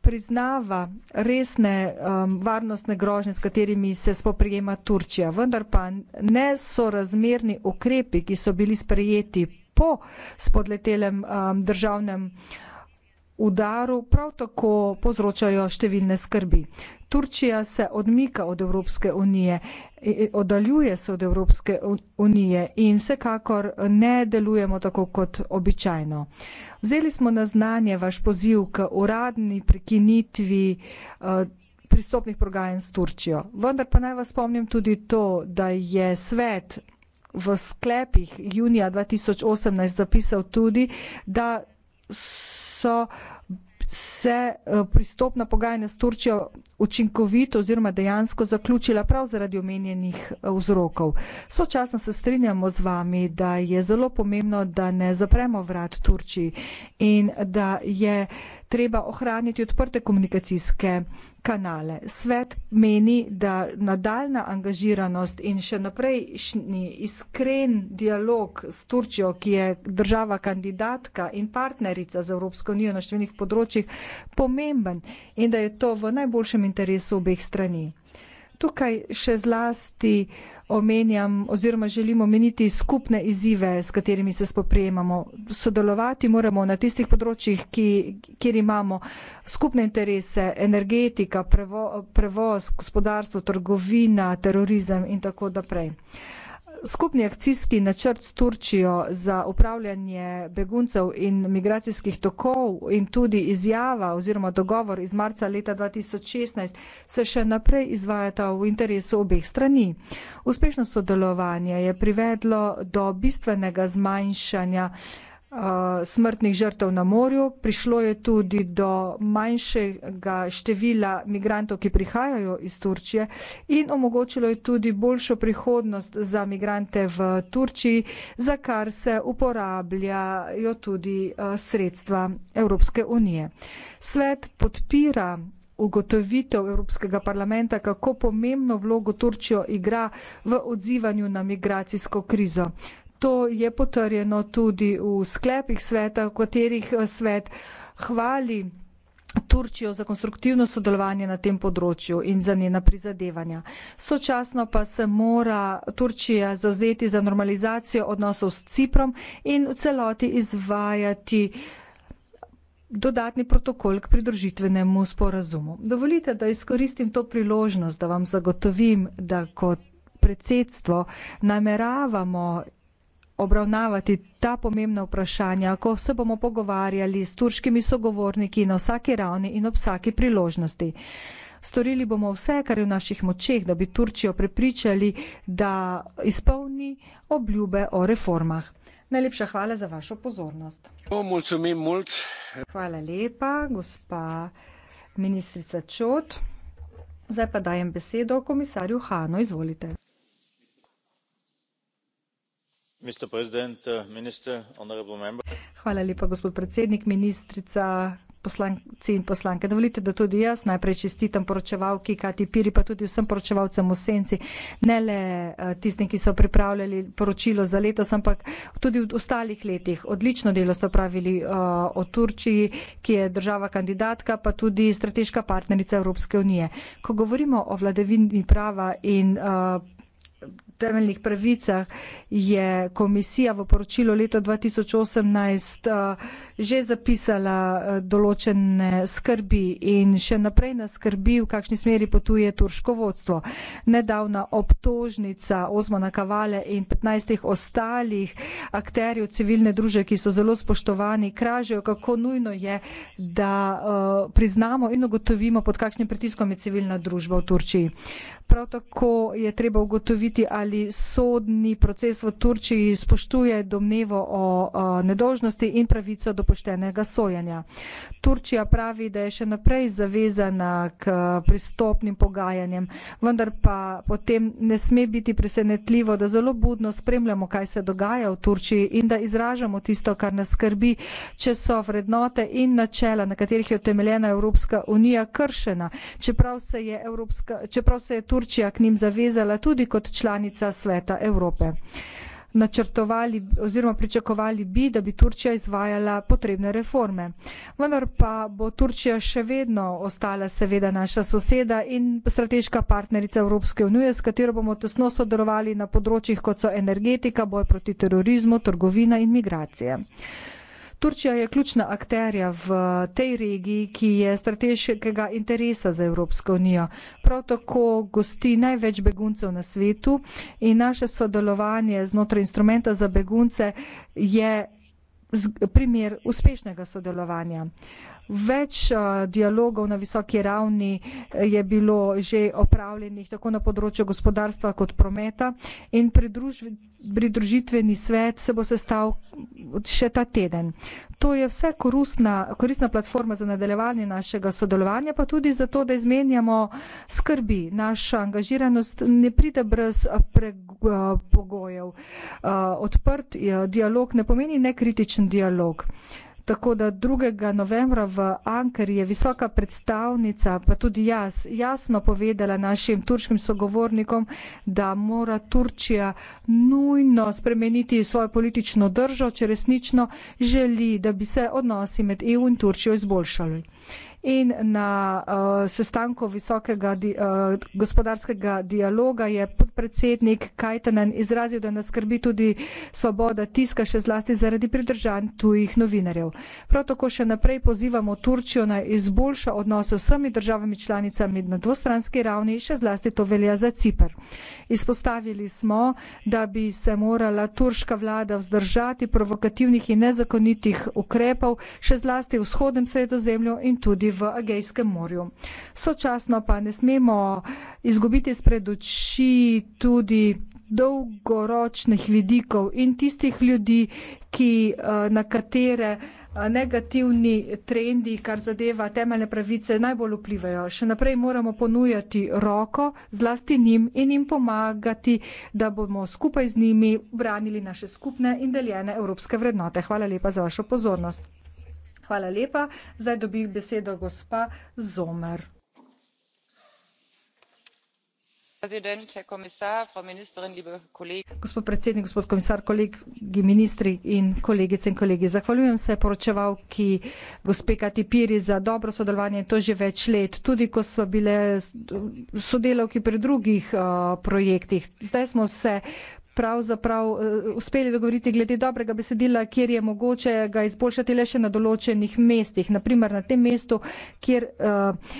priznava resne um, varnostne grožnje, s katerimi se spoprijema Turčija, vendar pa nesorazmerni ukrepi, ki so bili sprejeti po spodletelem um, državnem udaru prav tako povzročajo številne skrbi. Turčija se odmika od Evropske unije, e, e, oddaljuje se od Evropske unije in vsekakor ne delujemo tako kot običajno. Vzeli smo na znanje vaš poziv k uradni prekinitvi uh, pristopnih progajanj s Turčijo. Vendar pa naj vas spomnim tudi to, da je svet v sklepih junija 2018 zapisal tudi, da so se eh, pristopna pogajanja s Turčijo učinkovito oziroma dejansko zaključila prav zaradi omenjenih eh, vzrokov. Sočasno se strinjamo z vami, da je zelo pomembno, da ne zapremo vrat Turčiji in da je treba ohraniti odprte komunikacijske kanale. Svet meni, da nadaljna angažiranost in še naprejšnji iskren dialog s Turčijo, ki je država kandidatka in partnerica za Evropsko unijo na številnih področjih, pomemben in da je to v najboljšem interesu obeh strani tukaj še zlasti omenjam oziroma želim omeniti skupne izzive, s katerimi se spoprijemamo. Sodelovati moramo na tistih področjih, ki, kjer imamo skupne interese, energetika, prevo, prevoz, gospodarstvo, trgovina, terorizem in tako naprej skupni akcijski načrt s turčijo za upravljanje beguncev in migracijskih tokov in tudi izjava oziroma dogovor iz marca leta dva tisoč šestnajst se še naprej izvajata v interesu obeh strani. uspešno sodelovanje je privedlo do bistvenega zmanjšanja Eh, smrtnih žrtev na morju, prišlo je tudi do manjšega števila migrantov, ki prihajajo iz Turčije in omogočilo je tudi boljšo prihodnost za migrante v Turčiji, za kar se uporabljajo tudi eh, sredstva Evropske unije. Svet podpira ugotovitev Evropskega parlamenta, kako pomembno vlogo Turčijo igra v odzivanju na migracijsko krizo. To je potrjeno tudi v sklepih sveta, v katerih eh, svet hvali Turčijo za konstruktivno sodelovanje na tem področju in za njena prizadevanja. Sočasno pa se mora Turčija zauzeti za normalizacijo odnosov s Ciprom in v celoti izvajati dodatni protokol k pridružitvenemu sporazumu. Dovolite, da izkoristim to priložnost, da vam zagotovim, da kot predsedstvo nameravamo obravnavati ta pomembna vprašanja, ko se bomo pogovarjali s turškimi sogovorniki na vsaki ravni in ob vsaki priložnosti. Storili bomo vse, kar je v naših močeh, da bi Turčijo prepričali, da izpolni obljube o reformah. Najlepša hvala za vašo pozornost. Hvala lepa, gospa ministrica Čot. Zdaj pa dajem besedo komisarju Hano. Izvolite. Uh, Hvala lepa, gospod predsednik, ministrica, poslanci in poslanke. Dovolite, da tudi jaz najprej čestitam poročevalki Kati Piri, pa tudi vsem poročevalcem v senci, ne le uh, tistim, ki so pripravljali poročilo za letos, ampak tudi v ostalih letih. Odlično delo ste opravili o uh, Turčiji, ki je država kandidatka, pa tudi strateška partnerica Evropske unije. Ko govorimo o vladavini prava in temeljnih pravicah je komisija v poročilu leto 2018 eh, že zapisala eh, določene skrbi in še naprej nas skrbi, v kakšni smeri potuje turško vodstvo. Nedavna obtožnica Ozmona Kavale in 15 ostalih akterjev civilne druže, ki so zelo spoštovani, kražejo, kako nujno je, da eh, priznamo in ugotovimo, pod kakšnim pritiskom je civilna družba v Turčiji prav tako je treba ugotoviti ali sodni proces v turčiji spoštuje domnevo o nedolžnosti in pravico do poštenega sojenja turčija pravi da je še naprej zavezana k pristopnim pogajanjem vendar pa potem ne sme biti presenetljivo da zelo budno spremljamo kaj se dogaja v turčiji in da izražamo tisto kar nas skrbi če so vrednote in načela na katerih je utemeljena evropska unija kršena čeprav se je evropska čeprav se je Turčija k njim zavezala tudi kot članica Sveta Evrope. Načrtovali oziroma pričakovali bi, da bi Turčija izvajala potrebne reforme. Vendar pa bo Turčija še vedno ostala seveda naša soseda in strateška partnerica Evropske unije, s katero bomo tesno sodelovali na področjih, kot so energetika, boj proti terorizmu, trgovina in migracije. Turčija je ključna akterja v tej regiji, ki je strateškega interesa za Evropsko unijo. Prav tako gosti največ beguncev na svetu in naše sodelovanje znotraj instrumenta za begunce je primer uspešnega sodelovanja. Uh, Več eh, dialogov na visoki ravni eh, je bilo že opravljenih tako na področju gospodarstva kot prometa in pridružitveni svet se bo sestal še ta teden. To je vse korusna, korisna platforma za nadaljevanje našega sodelovanja, pa tudi zato, da izmenjamo skrbi. Naša angažiranost ne pride brez eh, pogojev. Odprt dialog ne pomeni nekritičen dialog. Tako da 2. novembra v Ankari je visoka predstavnica, pa tudi jaz, jasno povedala našim turškim sogovornikom, da mora Turčija nujno spremeniti svojo politično držo, če resnično želi, da bi se odnosi med EU in Turčijo izboljšali in na uh, sestanku visokega di, uh, gospodarskega dialoga je podpredsednik Kajtenen izrazil, da nas skrbi tudi svoboda tiska, še zlasti zaradi pridržanj tujih novinarjev. Prav tako še naprej pozivamo Turčijo na izboljša odnose vsemi državami članicami na dvostranski ravni, še zlasti to velja za Cipr. Izpostavili smo, da bi se morala turška vlada vzdržati provokativnih in nezakonitih ukrepov, še zlasti v vzhodnem sredozemlju in tudi v Egejskem morju. Sočasno pa ne smemo izgubiti spred oči tudi dolgoročnih vidikov in tistih ljudi, ki, eh, na katere eh, negativni trendi, kar zadeva temeljne pravice, najbolj vplivajo. Še naprej moramo ponujati roko zlasti njim in jim pomagati, da bomo skupaj z njimi branili naše skupne in deljene evropske vrednote. Hvala lepa za vašo pozornost hvala lepa. Zdaj dobi besedo gospa Zomer. Gospod predsednik, gospod komisar, kolegi ministri in kolegice in kolegi. Zahvaljujem se poročevalki gospe Kati Piri za dobro sodelovanje in to že več let, tudi ko smo bile sodelavki pri drugih uh, projektih. Zdaj smo se pravzaprav eh, uspeli dogovoriti glede dobrega besedila, kjer je mogoče ga izboljšati le še na določenih mestih. Naprimer na tem mestu, kjer eh,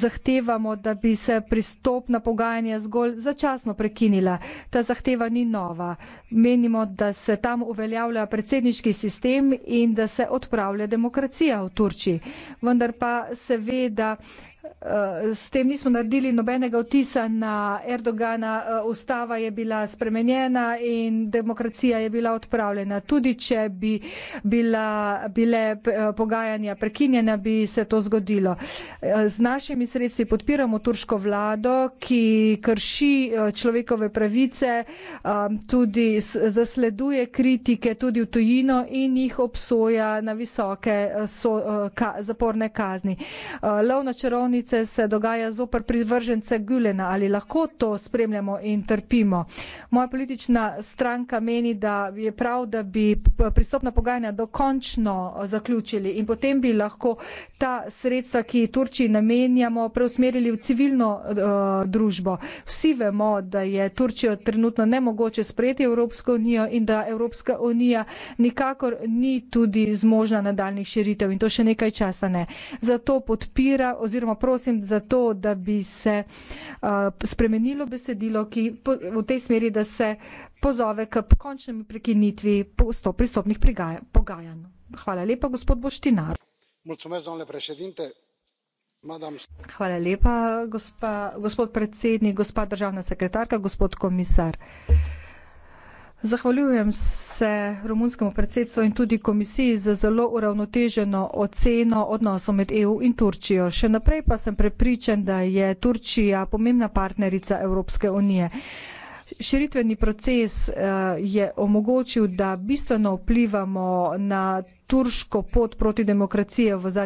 zahtevamo, da bi se pristopna pogajanja zgolj začasno prekinila. Ta zahteva ni nova. Menimo, da se tam uveljavlja predsedniški sistem in da se odpravlja demokracija v Turčiji. Vendar pa seveda Eh, s tem nismo naredili nobenega vtisa na Erdogana, eh, ustava je bila spremenjena in demokracija je bila odpravljena. Tudi če bi bila, bile eh, pogajanja prekinjena, bi se to zgodilo. Z našimi sredstvi podpiramo turško vlado, ki krši človekove pravice, tudi zasleduje kritike tudi v tujino in jih obsoja na visoke so, ka, zaporne kazni. Lov na čarovnice delavnice se dogaja zoper privržence Gülena. Ali lahko to spremljamo in trpimo? Moja politična stranka meni, da je prav, da bi pristopna pogajanja dokončno zaključili in potem bi lahko ta sredstva, ki Turčiji namenjamo, preusmerili v civilno uh, družbo. Vsi vemo, da je Turčijo trenutno nemogoče sprejeti Evropsko unijo in da Evropska unija nikakor ni tudi zmožna nadaljnih širitev in to še nekaj časa ne. Zato podpira oziroma prosim za to, da bi se uh, spremenilo besedilo, ki v tej smeri, da se pozove k končnemu prekinitvi pristopnih pogajanj. Hvala lepa, gospod Boštinar. Hvala lepa, gospod predsednik, gospod državna sekretarka, gospod komisar. Zahvaljujem se romunskemu predsedstvu in tudi komisiji za zelo uravnoteženo oceno odnosov med EU in Turčijo. Še naprej pa sem prepričan, da je Turčija pomembna partnerica Evropske unije. Širitveni proces eh, je omogočil, da bistveno vplivamo na turško pot proti demokraciji v zadnjih.